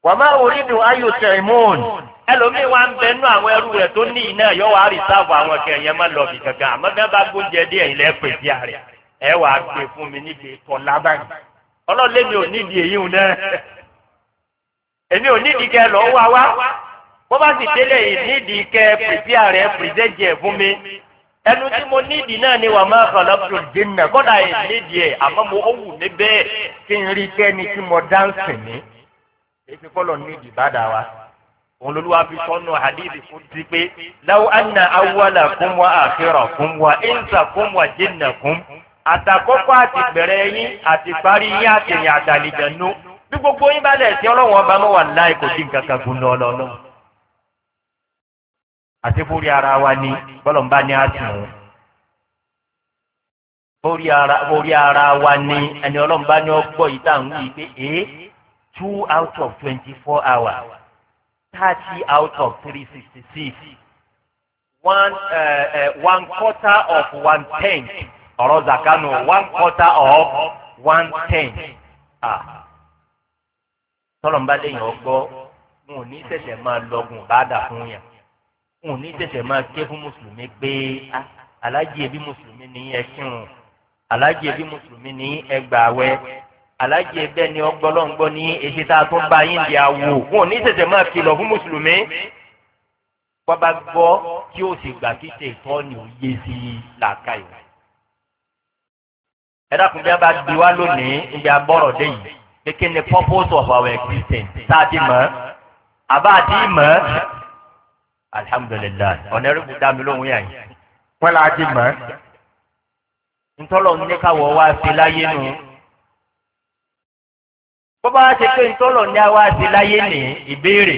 wàmà orídù ayò tẹ̀mọ́ọ̀nù ẹlòmíín wa ń bẹ nú àwọn ẹrú rẹ tó ní iná yọ wàá rí sáàbù àwọn kẹyìn má lọ bì kankan àmọ́ bẹ́ẹ̀ bá gbóúnjẹ díẹ̀ ilẹ̀ pè sí àrẹ ẹ wàá gbé fún mi níbi ìtọ́ lábàáyé ọlọ́lẹ́mi ò nídìí èyí ń náà èmi ò nídìí kẹ lọ́ wá wá bó bá sì délé yìí nídìí kẹ pèsè àrẹ pèsèjì ẹ fún mi ẹnu tí mo nídìí náà ni wà máa kàn lọ́pọ̀ dènà kọ́dà yìí nídìí ẹ àmọ́ mo ó wù mí bẹ́ẹ̀ èsì kọlọ ní ìdìbàdà wa òun lolúwa fi sọnù hadithi fún ti pé law anna awwala kum wa akhira kum wa insa kum wa jinna kum àtàkọ́kọ́ àti bẹ̀rẹ̀ yín àti parí yín àtẹ̀yìn àtàlìjẹ̀nu bí gbogbo yín bá lẹ̀ sí ọlọ́wọ́n ọba mọ́ wà láì kò sí nǹkan kan gùn àti fúri ara wa ni bọ́lọ̀mbá ni a sùn ún. fúri ara wa ni ẹni ọlọ́mbá ni ó yìí tá à ń wí pé èé two out of twenty-four hours thirty out of three sixty-six one uh, uh, one quarter of one tenth ọ̀rọ̀ zakano one quarter of one tenth ah tọ́lọ̀mùbá lẹ́yìn ọgbọ́ wọn ò ní sẹ̀sẹ̀ máa lọ́gùn bàdà fún yàn wọn ò ní sẹ̀sẹ̀ máa ké fún mùsùlùmí pé ah, alájì ẹbí mùsùlùmí ní ẹkírun alájì ẹbí mùsùlùmí ní ẹgbàáwẹ́ alájẹ bẹ́ẹ̀ ni ọgbọ́lọ́ngbọ́ ní èsì tá a tún bá yín di awo wọn ò ní tètè máa kìlọ̀ fún mùsùlùmí bọ́ba gbọ́ tí ó sì gbà kí tètọ́ ni ò yé sí i làákà yìí. ẹ dákun bí a bá di wá lónìí ibi abọ́rọ̀ dé yìí kékeré ni purpose of our existence tá a ti mọ̀ àbá a ti mọ̀ alihamudulilayi ọ̀nà ẹ̀rọ ìbùdá mi lóhùn yẹn wọ́n là á ti mọ̀ ntọ́lọ́ ní káwọ́ wá fi láyé nù bó bá ṣe pé ntọ́lọ̀ ní àwa ti láyé ní ìbéèrè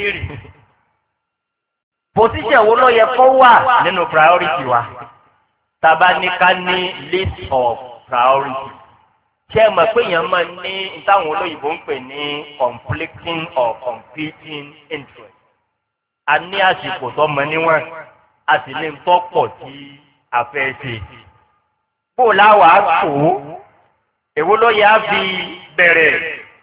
pòsíṣàn wo ló yẹ kó wà nínú priority wa tàbá ní ká ní list of priority ṣé ẹ mọ̀ pé èèyàn máa ní táwọn olóyìnbó ń pè ní conflicting or competing interest a ní àsìkò tọmọ níwọ̀n a sì ní tọ́pọ̀ tí a fẹ́ ṣe bó láwàá tó èwo ló yẹ á fi bẹ̀rẹ̀.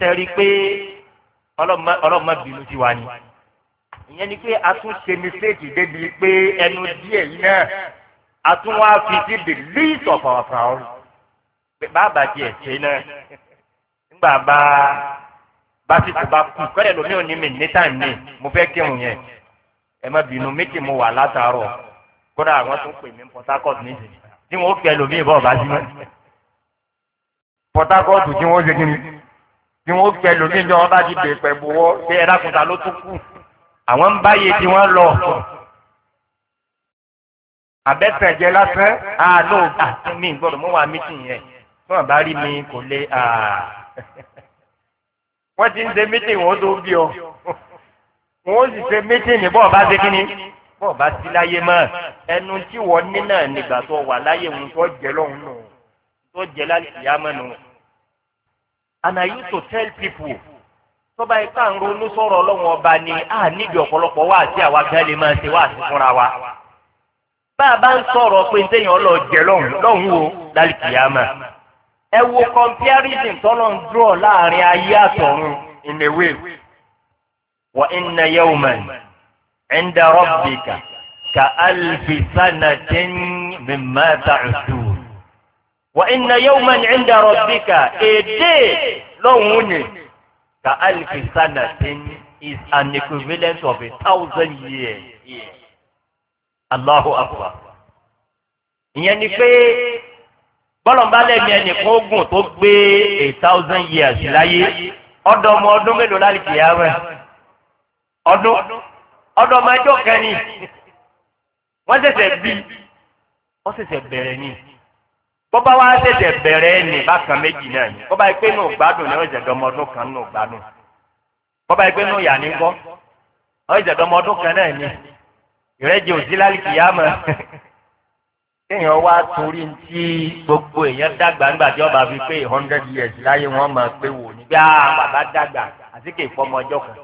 sẹ́rí pé ọlọ́mọ bínú ti wà ní. ìyẹn ni pé a tún ṣe mistake débi pé ẹnu díẹ̀ yìí náà a tún wá fi sí the least of our priorities. pé bàbá tiẹ̀ ṣe náà nígbà bá básìkò bá kú kọ́lẹ̀ lómi ò ní mi ní táìmù ní mo fẹ́ kírun yẹn ẹ má bínú méjì mo wà látàárọ̀ kódà àwọn tó ń pè mí port harcourt méjì tí wọn ó fi ẹlòmíì bọ̀ bá sí mọ́ port harcourt tí wọn ṣe kí ni tí wọ́n fẹ́ lómi bí wọ́n bá ti bè pẹ̀ bọ́wọ́ ṣé ẹ dákúta ló tún kù àwọn ń báyé tí wọ́n lọ. àbẹ́tẹ̀jẹ́ lásán àánú ògbà ah, mi gbọ́dọ̀ mú wa mítì yẹn tí wọ́n bá rí mi kò lè wọ́n ti ń ṣe mítì wọ́n tó bí ọ wọ́n sì ṣe mítì ní bọ́ọ̀ bá ṣe kí ni bọ́ọ̀ bá sí láyé mọ́ ẹnu tí wọ́n ní náà nígbà tó wà láyé òun tó jẹ́ lọ́hùn-ún tó jẹ́ láti yá mọ́ nù and I used to tell people tọ́ba yìí ká ń ronú sọ̀rọ̀ ọlọ́wọ́n ọba ni a níbi ọ̀pọ̀lọpọ̀ wá àti àwa gan lè máa ṣe wá àti fúnra wa. bá a bá ń sọ̀rọ̀ pé ntẹ̀yìn ọlọ́ jẹ lọ́hùn o lálìkìyàmà. ẹ wo comparison tọ́lọ̀ ń draw láàrin ayé àtọ̀run in a way. wà inna yawman inda rabbika ka alfi sanatin mimma ta'udu wà iná yóò mọ̀ ní ẹ̀ńdà rọ̀bíkà èdè lọ́hùn-ún ni ka alifi sanatin is an equivalent of a thousand years. Allahu akbar. Ìyẹn ni pé bọ́lọ̀mbálẹ̀ mi ẹnìkan ogun tó gbé a thousand years láyé ọdọ ọmọ ọdún mélòó láti yà wẹ̀ ọdún ọdọ ọmọ ẹjọ́ kẹrin wọ́n ṣẹ̀ṣẹ̀ bí wọ́n ṣẹ̀ṣẹ̀ bẹ̀rẹ̀ ni bọ́bá wa tètè bẹ̀rẹ̀ ní bákan méjì náà ni bọ́bá yìí pé nù gbádùn ní ọ̀jẹ̀dọ̀ ọmọ ọdún kan nù gbádùn bọ́bá yìí pé nù yà ní gbọ́ ọ̀jẹ̀dọ̀ kan náà ni ìrẹ́jẹ òsílálì kìyàmọ̀ kéèyàn wá torí ti gbogbo èèyàn dàgbà nígbà tí ọba fi pé hundred years láyé wọn máa pé wò ní bí ah, bàbá dàgbà àti kè fọmọ ọjọ́ kan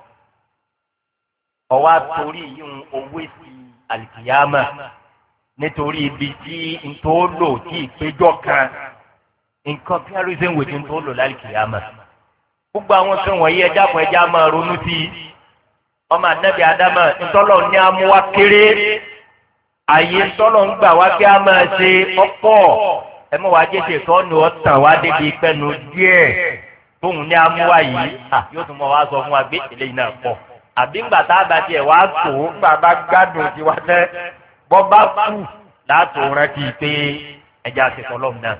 ọwá torí yìí owó ìsì àlìkìyàmọ̀ nítorí ibi tí n tó lò tí ìpéjọ kan in comparison with n tó lò lálùkìyàmà gbogbo àwọn tó wọ̀nyí ẹja kan ẹja máa ronú sí i ọmọ anabi adama ntọ́lọ̀ ní amúwá kéré àyè ntọ́lọ̀ ń gbà wá kí a máa ṣe ọ̀pọ̀ ẹ mọ̀ wá jẹ́sẹ̀ tó ní ọ̀tàn wá débi pẹ́nu díẹ̀ tóun ní amúwá yìí yóò tún mọ̀ wá sọ fún wa gbé eléyìí náà pọ̀ àbí ńgbà tá a bá tó bàbá gbádùn tiwa tẹ́ bọ́ bá kú láti rántí pé ẹja ti sọlọ́m náà.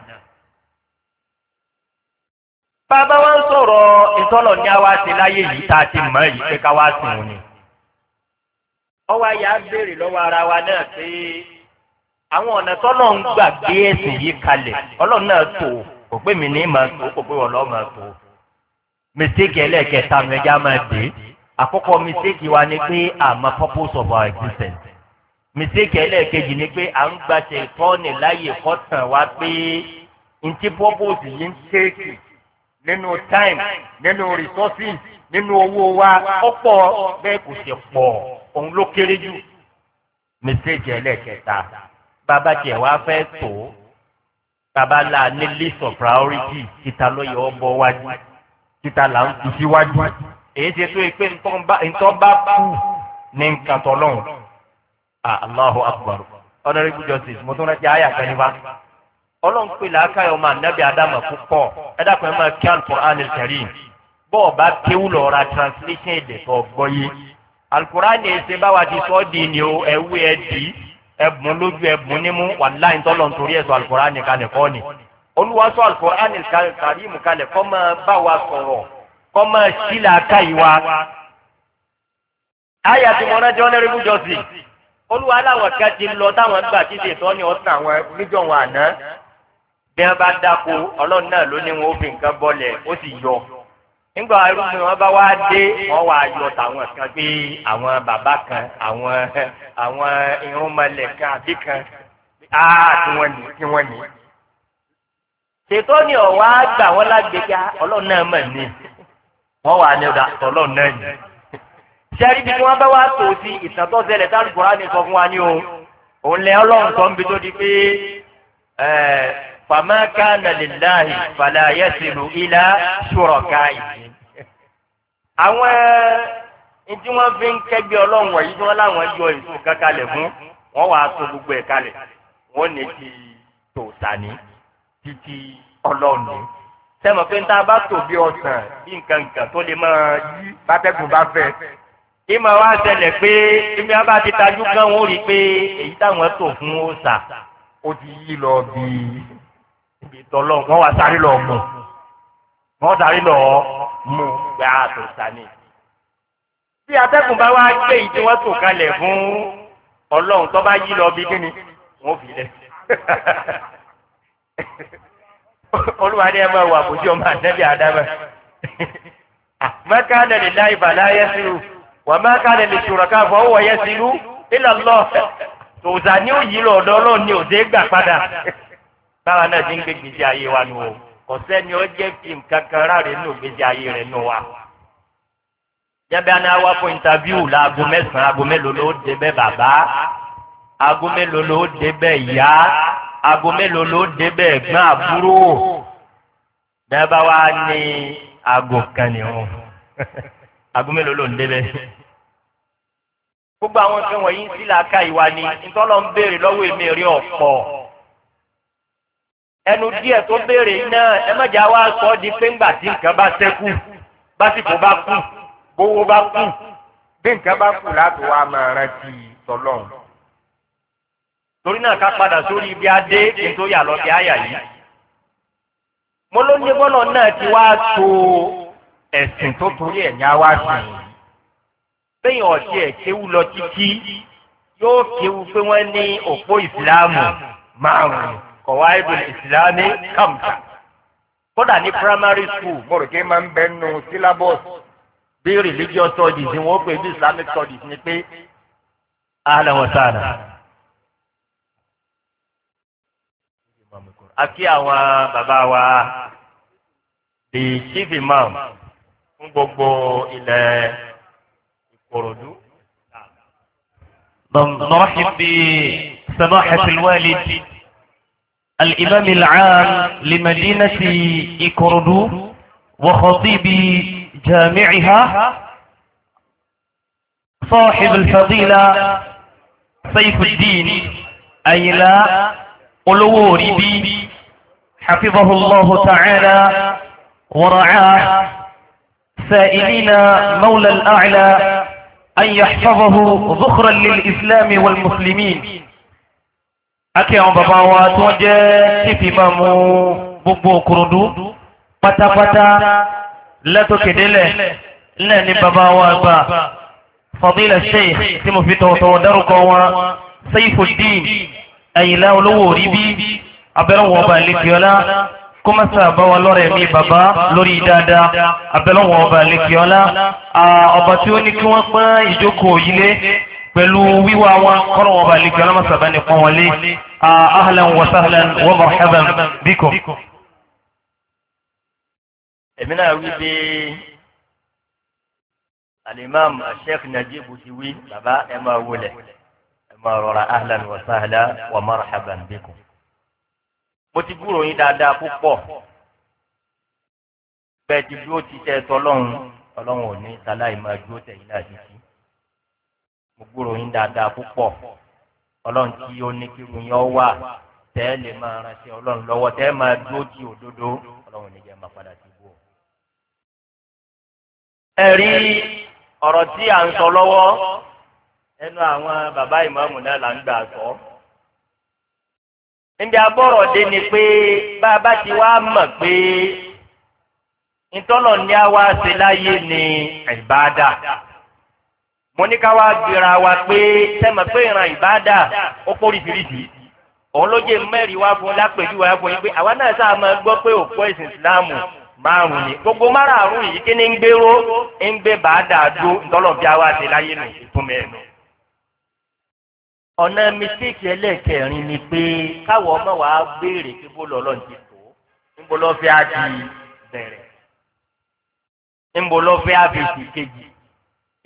bàbá wa ń sọ̀rọ̀ ìtọ́lọ̀ ní àwa ti láyé yìí tá a ti mọ̀ yìí pé ká wá sùn òun ni. ọwọ́ àyà béèrè lọ́wọ́ ara wa náà pé àwọn ọ̀nà tọ́lọ̀ ń gbà gbé ẹ̀sìn yìí kalẹ̀ ọlọ́run náà tó kò pé mi ní mà tó kò pé wọ́n lọ́ọ́ mà tó. mistake ẹlẹ́kẹta ẹja máa dé àkọ́kọ́ mistake wa ni pé àmọ́ purpose of our existence mistake ẹlẹ́ẹ̀kejì ni pé à ń gbaṣẹ ìtọ́ni láàyè kọ́tàn wá pé ntí purpose yìí ń ṣéèkì nínú time nínú resources nínú owó wa ọ̀pọ̀ bẹ́ẹ̀ kò ṣe pọ̀ òun ló kéré jù mistake ẹlẹ́ẹ̀kẹta bàbá tiẹ̀ wá fẹ́ tó bàbá là ní list of priority títa ló yọ ọ́ bọ́ wájú títa là ń tu síwájú èyí ṣe tó yẹ pé ntọ́ bá kú ní nǹkan tọ́lọ́hùn. Ah, Allahu akbar honorable justice mo tún rántí àyà kan nípa ọlọ́run pè làákàyọ̀ ọmọ ànábì adama púpọ̀ ẹ dákun ẹ máa kí alukur'an kẹrin bọ́ọ̀ bá kéwù lọ ra translation èdè tó gbọ́ yé alukur'an yẹn ṣe báwa ti sọ di ni o ẹwú ẹ dì ẹbùn lójú ẹbùn nímú wàláyé tọ́lọ̀ nítorí ẹ̀sọ́ alukur'an kalẹ̀ kọ́ ni olùwàsó alukur'an kàrímù kalẹ̀ kọ́ báwa sọ̀rọ̀ kọ́ sí làákàyè wa. àyà tí mo olúwa láwọn kan ti lọ táwọn gbà tí ṣètò ni ọ̀sán àwọn níjọ wọn àná bí wọn bá dáko ọlọ́run náà ló ní wọn ó fi nǹkan bọ́lẹ̀ ó sì yọ nígbà arúgbó wọn bá wá dé wọn wá yọ tàwọn kan pé àwọn bàbá kan àwọn àwọn irúnmọlẹ̀ kan àbí kan áá tí wọn ní tí wọn ní. ṣètò ni ọ̀wá gbà wọn lágbèéká ọlọ́run náà mọ̀ ní wọn wà ní ọ̀dà ọlọ́run náà yìí sẹ́rí bí wọ́n bá wá tó sí ìtàtọ́sẹ̀lẹ̀ tá alukóra ni sọ fún wa ní o òun lẹ ọlọ́run tó ń bi tó di pé fama kana lillahi fala yasilu ila shuraka'i. àwọn ìdí wọn fi ń kẹgbẹ́ ọlọ́run wọ̀nyí tí wọ́n láwọn yọ èso kankalẹ̀ fún wọ́n wàá tó gbogbo ẹ̀ kalẹ̀ wọ́n ní ti tòsàní títí ọlọ́run sẹ́mi pé ń bá tò bí ọ̀sán bí nǹkan tó lè máa yí bátẹ́gùn bá fẹ́ ìmọ̀ wa ṣẹlẹ̀ pé ibi a bá ti tajú gan wọn ó rí i pé èyí táwọn tó fún ó sà ó ti yí lọ bí ibi tọ́lọ́ wọn wá sáré lọ mú wọn sáré lọ mú gbà tó sani. bí atẹ́kùn bá wá gbé èyí tí wọ́n tò kalẹ̀ fún ọlọ́run tó bá yí lọ bí kíni wọ́n fi lẹ̀. olùwádìí ẹ máa wà bójú ọmọ àtẹ́bí àdámẹ́. mẹ́kánẹ́lì láì bàlá yẹ́sùrù wà má ká lè lè ṣòro ká fọ owó yẹn sílú ilà lọ tòòtà ní òyìn lọ́dọ̀ ọlọ́run ni òde gbà padà báwa náà ti ń gbé gbèsè ayé wa nù o kò sẹ́ni ó jẹ́ kí nǹkan kan ráre nù gbèsè ayé rẹ̀ nù wa. jábẹ́ àná wá fún intaviu láago mẹ́sàn-án aago mélòó ló dé bẹ́ bàbá aago mélòó ló dé bẹ́ ìyá aago mélòó ló dé bẹ́ ẹ̀gbọ́n àbúrò bẹ́ẹ̀ bá wa ní aago kan nìyẹn. aago mélòó ló ń débẹ̀. gbogbo àwọn nǹkan wọ̀nyí ń sílẹ̀ aka ìwà ni ntọ́lọ́ ń béèrè lọ́wọ́ èmi rí ọ̀pọ̀. ẹnu díẹ̀ tó béèrè náà ẹ mọ̀jà wá sọ di pé ńgbà tí nǹkan bá sẹ́kù básìkò bá kù gbowó bá kù bí nǹkan bá kù láti wá máa rántí tọ́lọ́ torí náà ká padà sórí ibi adé kí n àyà yìí mo ló ní bọ́lọ̀ náà ti wá tó o ẹ̀sìn tó torí ẹ̀ ní àwa sìn bẹ́yìn ọ̀tí ẹ̀ kéwu lọ títí yóò kéwu pé wọ́n ní òpó ìsìláàmù márùn-ún kọ̀wá ibùdó ìsìláàmù kàmta kódà ní primary school mo rò pé máa ń bẹ nù syllabus bí religious studies ni wọ́n pè bí islamic studies ni pé àhàlẹ̀ wọn sáànà. àti àwọn bàbá wa the chief imam. fún gbogbo ilẹ̀ ìkòròdú. نرحب بسماحة الوالد الإمام العام لمدينة إكردو وخطيب جامعها صاحب الفضيلة سيف الدين أيلا ألووري حفظه الله تعالى ورعاه سائلين مولى الأعلى أن يحفظه ذخرا للإسلام والمسلمين أكي عم بابا واتوجه في مامو بوبو كردو. باتا باتا لا تكدله لا نبابا وابا فضيلة الشيخ تم في توتودرك سيف الدين أي لا ولو ربي أبرو وبالك يلا kọ́mọ́sá àbáwá lọ́rẹ̀ mi bàbá lórí dáadáa abẹ́lọ́wọ̀n ọba lẹ́kìọ́lá ọba tí ó ní kí wọ́n pẹ́ ìjókòó yìí lé pẹ̀lú wíwá wọn kọ́rọ̀wọ̀n ọba lẹ́kìọ́lá mọ́sàbá ní pọ́n wọlé ahlan wa sahlan wa marhaban bikum. èmi náà wí pé alimam sheikh najibu ti wí bàbá ẹ máa wọlé ẹ máa rọra ahlan wa sahlan wa marhaban bikum. mo ti gbúrò yín dáadáa púpọ̀ bẹ́ẹ̀ ti dúró ti tẹ́ tọ́lọ́run ọlọ́run ò ní sáláì máa dúró tẹ̀yìn náà títí mo gbúrò yín dáadáa púpọ̀ ọlọ́run tí ó ní kírun yẹn wà tẹ́ lè máa rántí ọlọ́run lọ́wọ́ tẹ́ máa dúró ti òdodo ọlọ́run ní jẹ́ máa padà sí ibú ọ. ẹ̀rí ọ̀rọ̀ tí à ń sọ lọ́wọ́ ẹnu àwọn bàbá là ń gbà níbi abọ́rọ̀ dé ni pé bá a bá ti wá mọ̀ pé ntọ́nà ní a wá ṣe láyé ni ìbáadà mo ní ká wá gbéra wa pé sẹ́mi pé ìran ìbáadà ó pórìbìrìbì òun ló jẹ́ mẹ́rin wá fún lápẹ̀jù wá fún yín pé àwa náà sáà máa gbọ́ pé òkú ẹ̀sìn ìsìláàmù márùn ni gbogbo márùn yìí kí ni ń gbèrò ń gbé bàádà dó ntọ́nà bí a wá ṣe láyé nù ìtumẹ̀ ọ̀nà mistake ẹlẹ́ẹ̀kẹrin ni pé káwọ ọmọ wa béèrè pé bó lọ́ọ́ lọ́n ti tó níbo lọ́ọ́ fẹ́ á di bẹ̀rẹ̀ níbo lọ́ọ́ fẹ́ á fi ti kejì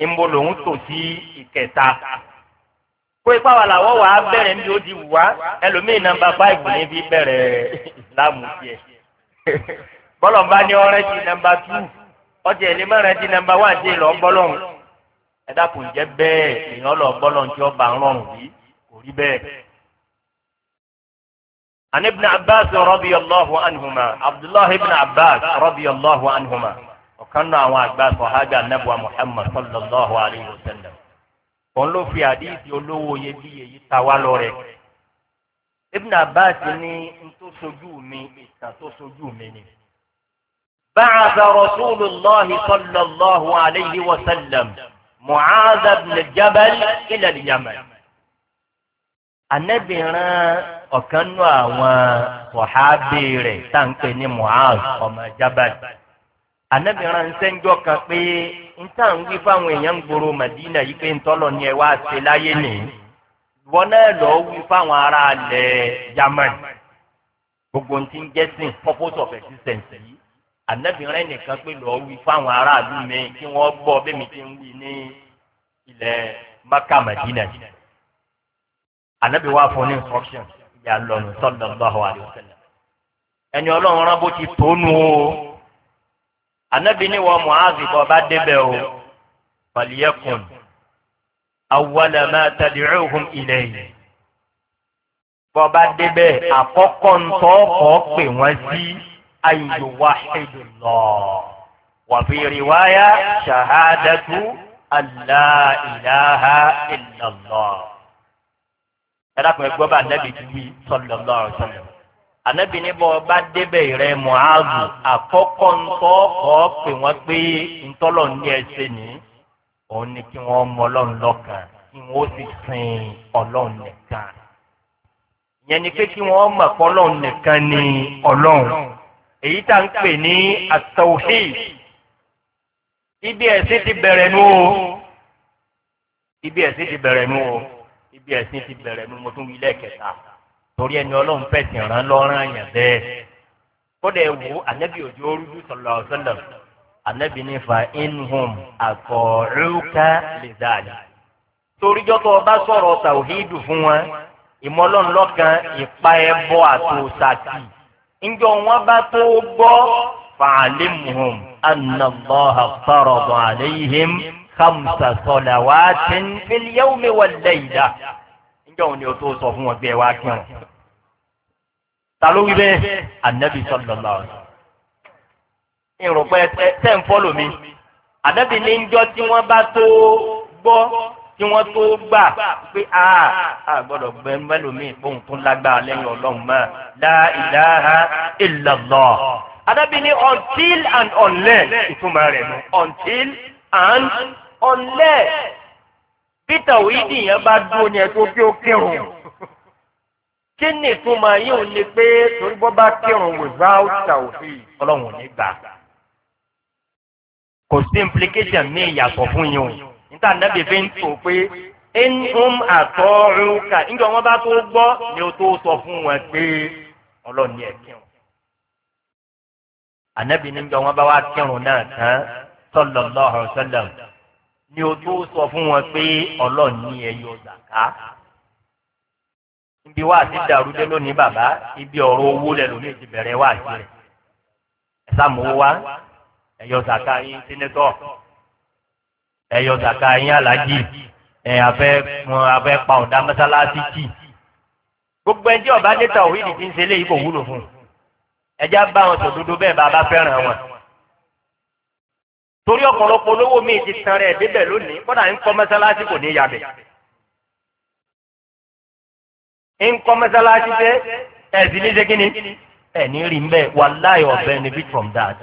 níbo lòun tò sí ìkẹta kó ipá wa làwọ̀ wá bẹ̀rẹ̀ níbi ó di wá ẹlòmíì nàmbà fáìfù ní fi bẹ̀rẹ̀ láàmú bọ́lọ̀ bá ní ọ̀rẹ́ ti nàmbà tù ọjà ìlímọ̀ rẹ̀ ti nàmbà wá àti ìlọ́ bọ́lọ̀ ẹ̀dá kò jẹ́ bẹ́ẹ̀ èèyàn lọ bọ́lọ̀ ọba ń rọrùn yìí kò rí bẹ́ẹ̀. عن ابن عباس رضي الله عنهما عبد الله بن عباس رضي الله عنهما وكان عباس وهذا النبوة محمد صلى الله عليه وسلم òun ló fi àdíìsì olówó iyebíye yìí ta wá lọ rẹ ibn abbas ní n tó sojú mi ìtàn tó sojú mi ni. bàtà rasulillahi sallallahu alayhi wa sallam mu'adha bin jabal ila al-yaman. anẹ́bìnrin ọ̀kan nú àwọn wàhábì rẹ̀ tá ní muhammed ọmọ jabal anẹ́bìnrin ṣẹ́njọ́ kan pé n tá n wí fáwọn èèyàn ń gbòòrò madina yìí pé ń ni ẹ wá ṣe láyé nìyí wọn náà lọ wí fáwọn ará alẹ́ germany gbogbo ti ń jẹ́sìn purpose of existence yìí anẹ́bìnrin nìkan pé lọ wí fáwọn ará ìlú mi kí wọ́n gbọ́ bẹ́ẹ̀ mi ti ń wí ní ilẹ̀ maka madina ànábì wà fún ní instruction ìyá lọ́nu sọ́dọ̀ lọ́wọ́ àdìsẹ́lẹ̀ ẹni ọlọ́run rán bó ti tónú o ànábì ní wọ́n muhazi bọ́ bá débẹ̀ o pàlíyẹ́kùn awọ́lẹ̀ máa tẹ̀lé ọ̀hún ilẹ̀ yìí bọ́ bá débẹ̀ àkọ́kọ́ ńtọ́ kọ́ pè wọ́n sí ayélujára ṣèjúlọ́ wàfíìrì wáyà ṣàhádàtú aláìláha ìlàlọ́ ẹlẹ́kùn ẹgbẹ́ bá anabi ti wí sọ̀dọ̀ lọ́rọ̀ sọ̀dọ̀ anabi ní bọ́ bá débẹ̀ rẹ muhazu àkọ́kọ́ ńkọ́ kọ́ pé wọ́n pé ńtọ́lọ̀ ní ẹsẹ̀ ní òun ni kí wọ́n mọ ọlọ́run lọ́kàn kí wọ́n sì sin ọlọ́run nìkan yẹn ni pé kí wọ́n mọ̀ pé nìkan ni ọlọ́run èyí tá à pè ní àtọ̀hí ibi ẹ̀sìn ti bẹ̀rẹ̀ nù ibi ẹ̀sìn ti bẹ̀rẹ̀ nù tí ẹ̀sìn ti bẹ̀rẹ̀ mi mo tún wí lẹ́ẹ̀kẹta torí ẹni ọlọ́run fẹ̀sìn rán lọ́rán àyàn bẹ́ẹ̀ kódà ẹ wo anabi òjò orúdú sọlọ sọlọ anabi ní fa inhum àkọ̀ọ́rùkà lè dáàlì toríjọ́ tó o bá sọ̀rọ̀ tàwíìdù fún wọn ìmọ̀lọ́nlọ́kan ìpa ẹbọ àtòsàkì ńjọ wọn bá tó gbọ́ fàálímùhùn anàlọ́hà fàrọ̀bọ̀ àléhìm kàmsà sọ̀làwàtí fìlíyàwó mi wà lẹ́yìn dá níjọ́ òun ni o tó sọ fún wọn gbé wá kírun. ta ló wí bẹ́ẹ̀ anabi sọlọ́lá ọ̀sán. irun tẹ́ ń fọ́lò mi anabi ní njọ́ tí wọ́n bá tó gbọ́ tí wọ́n tó gbà pé a gbọ́dọ̀ gbẹ mẹ́lòmíì fóun tó lágbára lẹ́yìn ọlọ́run mọ́ la ilaha illallah. anabi ní until and unless ìtumọ̀ rẹ̀ nù until and unless peter oyidi yẹn bá dúró ni ẹ tó bí ó kírun kí ni ìtumọ̀ yìí ò ní pé torí bọ́ bá kírun without tàwùfì ọlọ́run ò ní gbà kò sí implication mi ìyàtọ̀ fún yín o níta nàbẹ̀ fi ń tò pé ẹnum àtọ́rùkà níjọ wọn bá tó gbọ́ ni o tó sọ fún wọn pé ọlọ́run ní ẹ kírun ànábì níjọ wọn bá wá kírun náà tán sọlọ lọ́hùn sọlọ ni o tó sọ fún wọn pé ọlọ́run ní ẹyọ zàká. ibi wá àti dàrúdé lónìí bàbá ibi ọ̀rọ̀ owó lẹ́nu ní ti bẹ̀rẹ̀ wá àti rẹ̀ ẹ̀sàmówó wá ẹyọ zàká yín sínétọ̀ ẹyọ zàká yín alájì ẹ̀ abẹ́ abẹ́ pa ọ̀dà mọ́sálásí jì gbogbo ẹni tí ọba dé ta òwìdí ti ń ṣe léyìí kò wúlò fún un ẹjá bá wọn sòdodo bẹ́ẹ̀ bá a bá fẹ́ràn wọn torí ọ̀pọ̀lọpọ̀ olówó mi ti tan rẹ̀ débẹ̀ lónìí kọ́dà ń kọ́ mọ́sálásí kò ní í yabẹ̀. ń kọ́ mọ́sálásí pé ẹ̀sì ní ṣe kíni ẹ̀ní rí mbẹ́ wàláì ọ̀bẹ ni bit from that.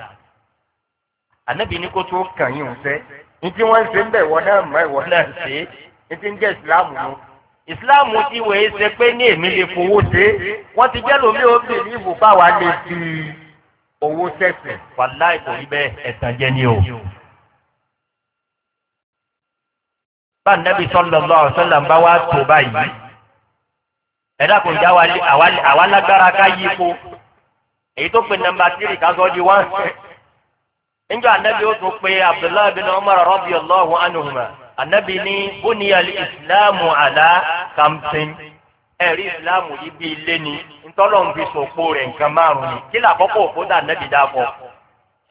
ànábì ní kó tó kàn yín ọ̀sẹ́ ní tí wọ́n ń ṣe ń bẹ̀ wọ́n náà mọ́ ìwọ́n náà ṣe é ní tí ń jẹ́ ìsìláàmù mu. ìsìláàmù ti wèé ṣe pé ní èmi lè fowó ṣe é wọ́n ti jẹ́ lómi òbí ní ìbùbá wa lè fi owó sẹ́sẹ̀ wàláì kò rí bẹ́ẹ̀ ẹ̀tàn jẹ́ ni o. bá nẹ́bí sọ́lọ́lọ́ ọ̀sọ́lọ́ bá wá tó báyìí ẹ̀dá kò já àwa lágbára ká yí po èyí tó pe nọmba tírì ká di wọ́n. níjọ́ ànábì ó tún pe abdullahi bin umar rabi allahu anuhuma ànábì ní buniyal islamu ala kamsin ẹ̀rí ìsìláàmù yìí bí ilé ni ntọ́lọ́ rẹ̀ nǹkan márùn-ún ni kí làkọ́kọ́ òkúta ànábì dá fọ́.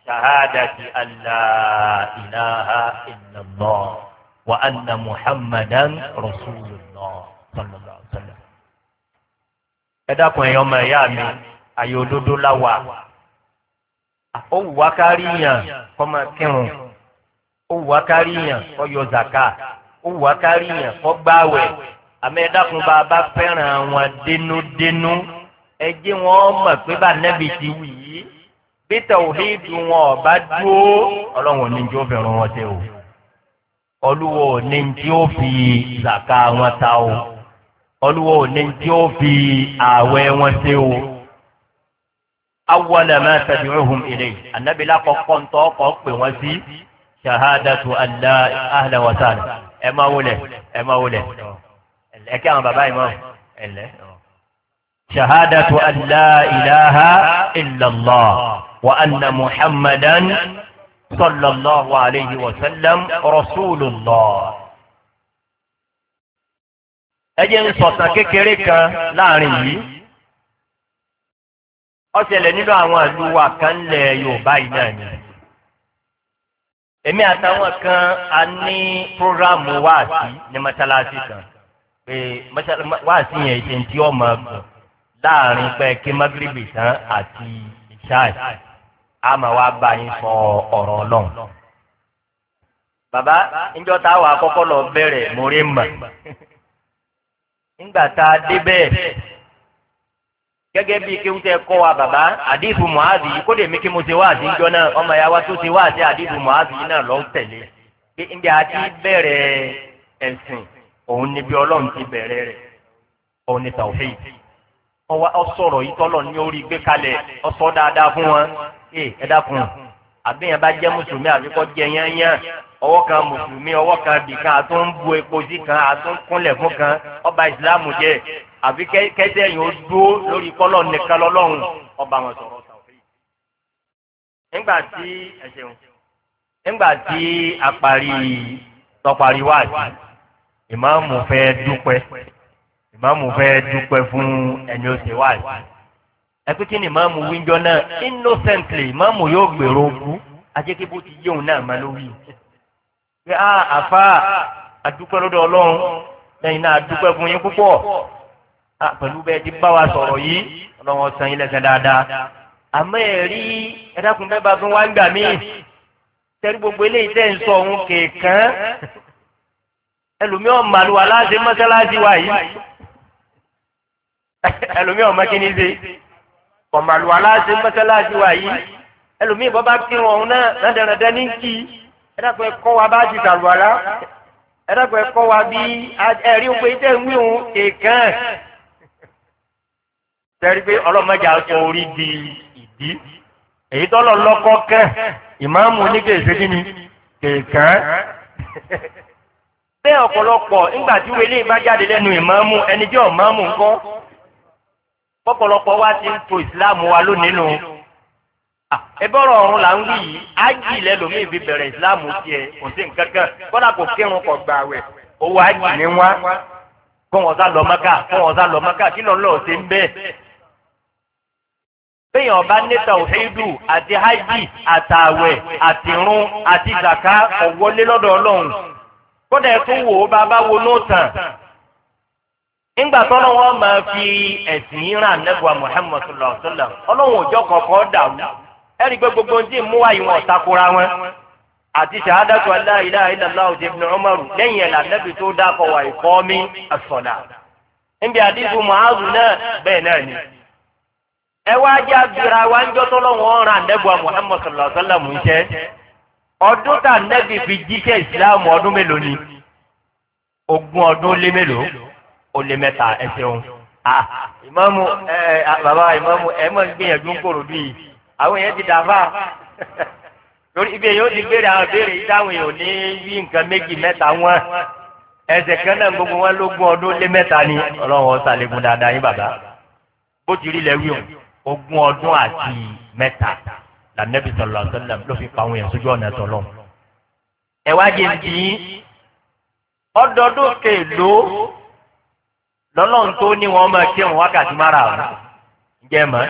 shahadati allah ilaha illallah wa anna muhammadan rasulullah sallallahu alaihi wa sallam. ẹ dákun ẹ̀yàn ọmọ ẹ̀yà mi àyè òdodo la wà ó wù wá kárí yàn kọ́ máa kírun ó wù wá kárí yàn kọ́ yọ zaka ó wù wá kárí yàn kọ́ gbáwẹ̀ àmọ́ ẹ dákun bá a bá fẹ́ràn wọn dénúdénú ẹ jẹ́ wọn mọ̀ pé bá nẹ́bi ti wì í bí tàwíìdù wọn ọba dúró ọlọ́run ò ní jó fẹ́ràn wọn tẹ o olúwo ní tí ó fi zaka wọn ta o olúwo ní tí ó fi ààwẹ̀ wọn ṣe o. awọ́lẹ̀ máa tẹ̀lé ohun ilé anábìlá kọ́kọ́ ń tọ́ ọkọ̀ pè wọ́n sí shahadatu allah ahla wa ẹ máa wọlé ẹ máa wọlé ẹ kí àwọn bàbá yìí mọ̀ ẹ lẹ́. shahadatu allah ilaha illallah wa anna muhammadan. صلى الله عليه وسلم رسول الله. jẹ́ ń sọ̀tàn kékeré kan láàrin yìí. ọ̀sẹ̀lẹ̀ nínú àwọn àlùwà kan lẹ̀ yorùbá yìí náà ni. èmi àtàwọn kan a ní programu wáàsí ní mọ́ṣáláṣí kan pé wáàsí yẹn ṣe ń tí ọmọ gùn láàrin pé kí magrebi tán àti ìṣáì. a máa wá bá yín sọ ọ̀rọ̀ ọlọ́run. bàbá níjọ́ tá a wà kọ́kọ́ lọ bẹ̀rẹ̀ mo rí mà nígbà tá a débẹ̀ gẹ́gẹ́ bíi kí n tẹ́ kọ́ wa bàbá àdìfù muhazi kó lè mí kí mo ṣe wá àti ìjọ náà ọmọ ìyá wa tó ṣe wá àti àdìfù náà lọ́ tẹ̀lé àti bẹ̀rẹ̀ ẹ̀sìn òun níbi ọlọ́run ti bẹ̀rẹ̀ rẹ̀ òun ni tàwọ́fẹ́ yìí ọwọ́ ọ̀sọ̀rọ̀ yìí tọ́lọ̀ ní orí gbé kalẹ̀ ọ̀sọ̀ dáadáa fún wọn ee ẹ dákun àbíyàn bá jẹ́ mùsùlùmí àfikọ́ jẹ yányán ọwọ́ kan mùsùlùmí ọwọ́ kan bìkan àtún ń bu epo sí kan àtún kúnlẹ̀ fún kan ọba ìsìláàmù jẹ àfi kẹ́sẹ́ yìí ó dúró lórí kọ́lọ̀ nìkan lọ́lọ́run ọba wọn sọ̀rọ̀ nígbà tí ẹ̀sìn nígbà tí a parí tọparí wáàdì ìmáàmù fẹ́ dúpẹ́ ìmáàmù fẹ́ dúpẹ́ fún ẹni ó ṣe wáàdì ẹ̀pẹ́tì ni màmú wíńjọ náà innocently màmú yóò gbèrò òkú ajẹ́kẹ́bó ti yéwòn náà má ló wí. pé a àfa àdúpẹ́ lọ́dọ̀ ọlọ́run lẹ́yìn náà àdúpẹ́ fún yín púpọ̀ pẹ̀lú bẹ́ẹ̀ ti bá wa sọ̀rọ̀ yìí ọlọ́run san yín lẹ́sẹ̀ dáadáa. àmọ́ ẹ̀rí ẹ̀dákun bẹ́ẹ̀ bá fún wa ń gbà mí tẹ́rí gbogbo eléyìí tẹ́ ń sọ òun kẹ̀kẹ́ ẹlòmíràn màlúwa láti mọ́sálásí wa yìí ẹlòmíràn mọ́kíníṣe kọ̀mọ̀lù aláṣẹ mọ́sálásí wa yìí ẹlòmíì bọ́ bá kírun ọ̀hún náà ládẹ̀rẹ̀dẹ̀ ní kí ẹ dàpọ̀ ẹ kọ́ wa bá ti dàlù àlá ẹ dàpọ̀ ẹ kọ́ wa bí ẹ̀rí òpè tẹ̀ ń wíhun èèkàn sẹ́rí pé ọlọ́mọdé aṣọ orí di ìdí èyí tọ́lọ̀ lọ́kọ́ kẹ́ ìmáàmù oníkèéṣe kí ni èèkàn bẹ́ẹ̀ ọ̀pọ̀lọpọ̀ nígbà tí wọlé ìbá jáde lẹ́nu ìmáàmù ẹni tí ọ̀ pọ̀pọ̀lọpọ̀ wa ti ń to ìsìláàmù wa lónìí nù ah, ẹbí ọ̀rọ̀ ọ̀run là ń wí yìí ájì lẹ́lòmíì fi bẹ̀rẹ̀ ìsìláàmù tiẹ̀ kò sí nǹkan kan kọ́dà kò kírun kò gbà wẹ̀ owó ájì ní wá kó wọn sá lọ mọ́kà kó wọn sá lọ mọ́kà kí lọ́n lọ́ọ́ ṣe ń bẹ́ẹ̀. béèyàn bá nẹ́tà òhèédù àti ájì àtàwẹ̀ àtìrún àti zàká ọ̀wọ́lé lọ́dọ̀ ọlọ́run kọ́dà ẹ̀ tó wò ó bá bá wo nóòtàn nígbà tọ́lọ́ wọn máa fi ẹ̀sìn yín rán anẹ́gbà Muhammad sallallahu alayhi wa sallam ọlọ́run òjọ́ kọ̀ọ̀kan dàrú pé gbogbo ohun mú wáyé wọn ọ̀takora wọn àti sàádàtú la ilaha illallah Ibn Umar lẹ́yìn tó wà mi níbi àdìsú náà bẹ́ẹ̀ náà ni. ẹ wá jẹ́ agbèrè sallallahu wa sallam ń ṣe ọdún tá ó lé mẹ́ta ẹ ṣeun. ìmọ̀mù bàbá ìmọ̀mù ẹ mọ̀ ń gbìyànjú ń kòrò bíi àwọn èèyàn ti dà fà torí ibi èèyàn ó ti béèrè àwọn béèrè yìí táwọn èèyàn ò ní yí nǹkan méjì mẹ́ta wọn ẹsẹ̀ kan náà gbogbo wọn lógún ọdún lé mẹ́ta ni ọlọ́run ọ̀sà lẹ́gùn dáadáa yín bàbá bó ti rí lẹ́wí o ogún ọdún àti mẹ́ta lànàbí sọ̀rọ̀ àtọ́lá ló fi pa àwọn èèyàn sójú ọ̀nà tọ̀lọ́. ẹ̀wá jẹ́ ti yín ọdọọdún kèèló lọ́lọ́run tó ní wọn máa ṣe wọn wákàtí mara ọ̀hún jẹ́ mọ́.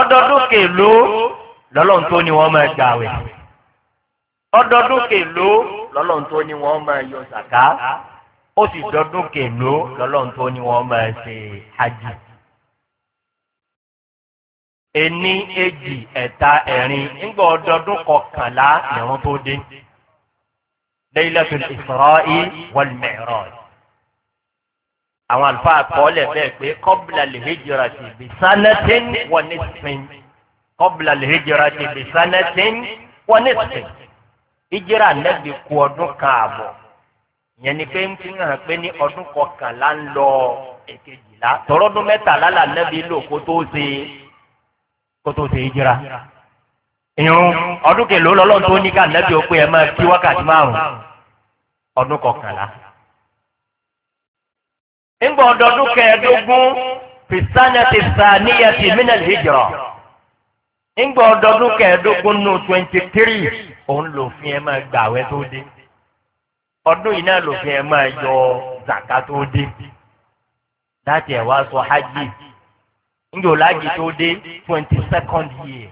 ọdọọdún kèló lọ́lọ́run tó ní wọn máa gbàwẹ̀. ọdọọdún kèló lọ́lọ́run tó ní wọn máa yọ sàká. ó sì dọdún kèló lọ́lọ́run tó ní wọn máa ṣe hajj. ení èjì ẹ̀ta ẹ̀rin ńgbà ọdọọdún kọkànlá ìrún tó dé. lẹ́yìn lẹ́sùn ìsọ̀rọ̀ yìí wọ́n lè àwọn àlùfáà kọ́lẹ̀ bẹ́ẹ̀ pé kọ́bìlà lè hejìra ti bi sanatin wọ́n ní sin kọ́bìlà lè hejìra ti bi sanatin wọ́n ní sin ìjìra nẹ́bi ku ọdún kan àbọ̀ yẹn ni pé ń fi hàn pé ní ọdún kọkànlá ń lọ èkejìlá tọrọdún mẹ́tàlá là nẹ́bi lò kó tó ṣe kó tó ṣe ìjìra irun ọdún kẹlẹ́ lọ́lọ́ tó ní ká nẹ́bi ó pé ẹ máa kí wákàtí márùn-ún ọdún kọkànlá ńgbà ọdọọdún kẹẹ̀ẹ́dógún fìsánẹ́tì sàníyàtì mínà hijra ńgbà ọdọọdún kẹẹ̀ẹ́dógún nù twenty three òun lòfin ẹ máa gbà wẹ́ tó dé ọdún yìí náà lòfin ẹ máa yọ zàkà tó dé láti ẹ̀ wá sọ hajj ńgbà tó dé twenty second year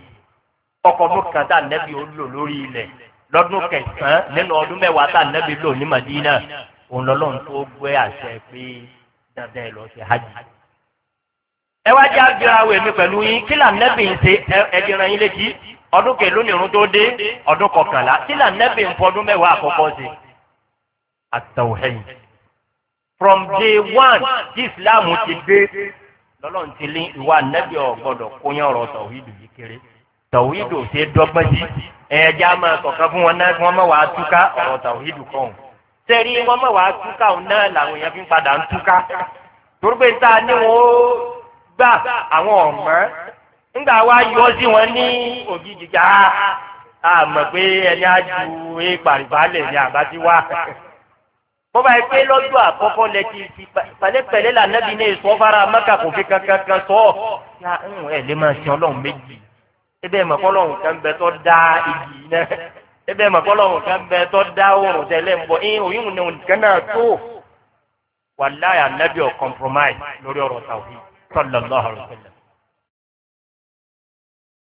ọkọ̀ bùkátà nẹ́bí ó lò lórí ilẹ̀ lọ́dún kẹsàn-án nínú ọdún mẹ́wàá tá nẹ́bí lò ní madina òun lọ́lọ́run tó gbé àṣẹ pé dandan lọ ṣe hajj. ẹ wá jẹ́ àgbéra awọ pẹ̀lú yín kí là nẹ́bì ń ṣe ẹ̀ẹ́dìran yín létí ọdún kẹ irun tó dé ọdún kọkànlá kí là nẹ́bì ń fọdún mẹ́wàá àkọ́kọ́ ṣe. àtàwọ̀hẹ́yìn from day one tí islam ti dé lọ́lọ́run ti lé ìwà nẹ́bì ọ̀gbọ́dọ̀ kóyán ọ̀rọ̀ tọ̀wídù yìí kéré tọ̀wídù ṣe dọ́gbọ́n sí ẹ̀ẹ́dì á máa kọ̀ọ̀kan fún wọn náà kí wọ́n má wàá túká ọ̀rọ̀ tọ̀wídù kọ̀ọ̀hún sẹ́rí wọ́n mọ̀ wá túká òun náà làwọn èèyàn fi ń padà ń túká torípé tá a ní wọn ó gbà àwọn ọ̀mọ́ ńgbà wá yọ sí wọn ní ògidì já a mọ̀ pé ẹni á ju ìpàrìbálẹ̀ ni àbá ti wá bọ́bá yìí pé lọ́jọ́ àkọ́kọ́ lẹ ti fi pẹ̀lẹ́pẹ̀lẹ́ là nẹ́bi ní ìsọ́ fara mẹ́ka kò fi kankan kan sọ ọ́ ẹ lè máa ṣe ọlọ́run méjì ebe ẹ̀ mọ̀ kọ́ ọlọ́run kan bẹ tó dá igi náà ebe ma kọlọ́wọ́ kan bẹ tọ́ da oorun tẹ́lẹ̀ ń bọ̀ ẹ oyún ní nǹkan náà tó wàláyà nàbí compromise lórí ọ̀rọ̀ tàwí sallallahu alaihi wasallam.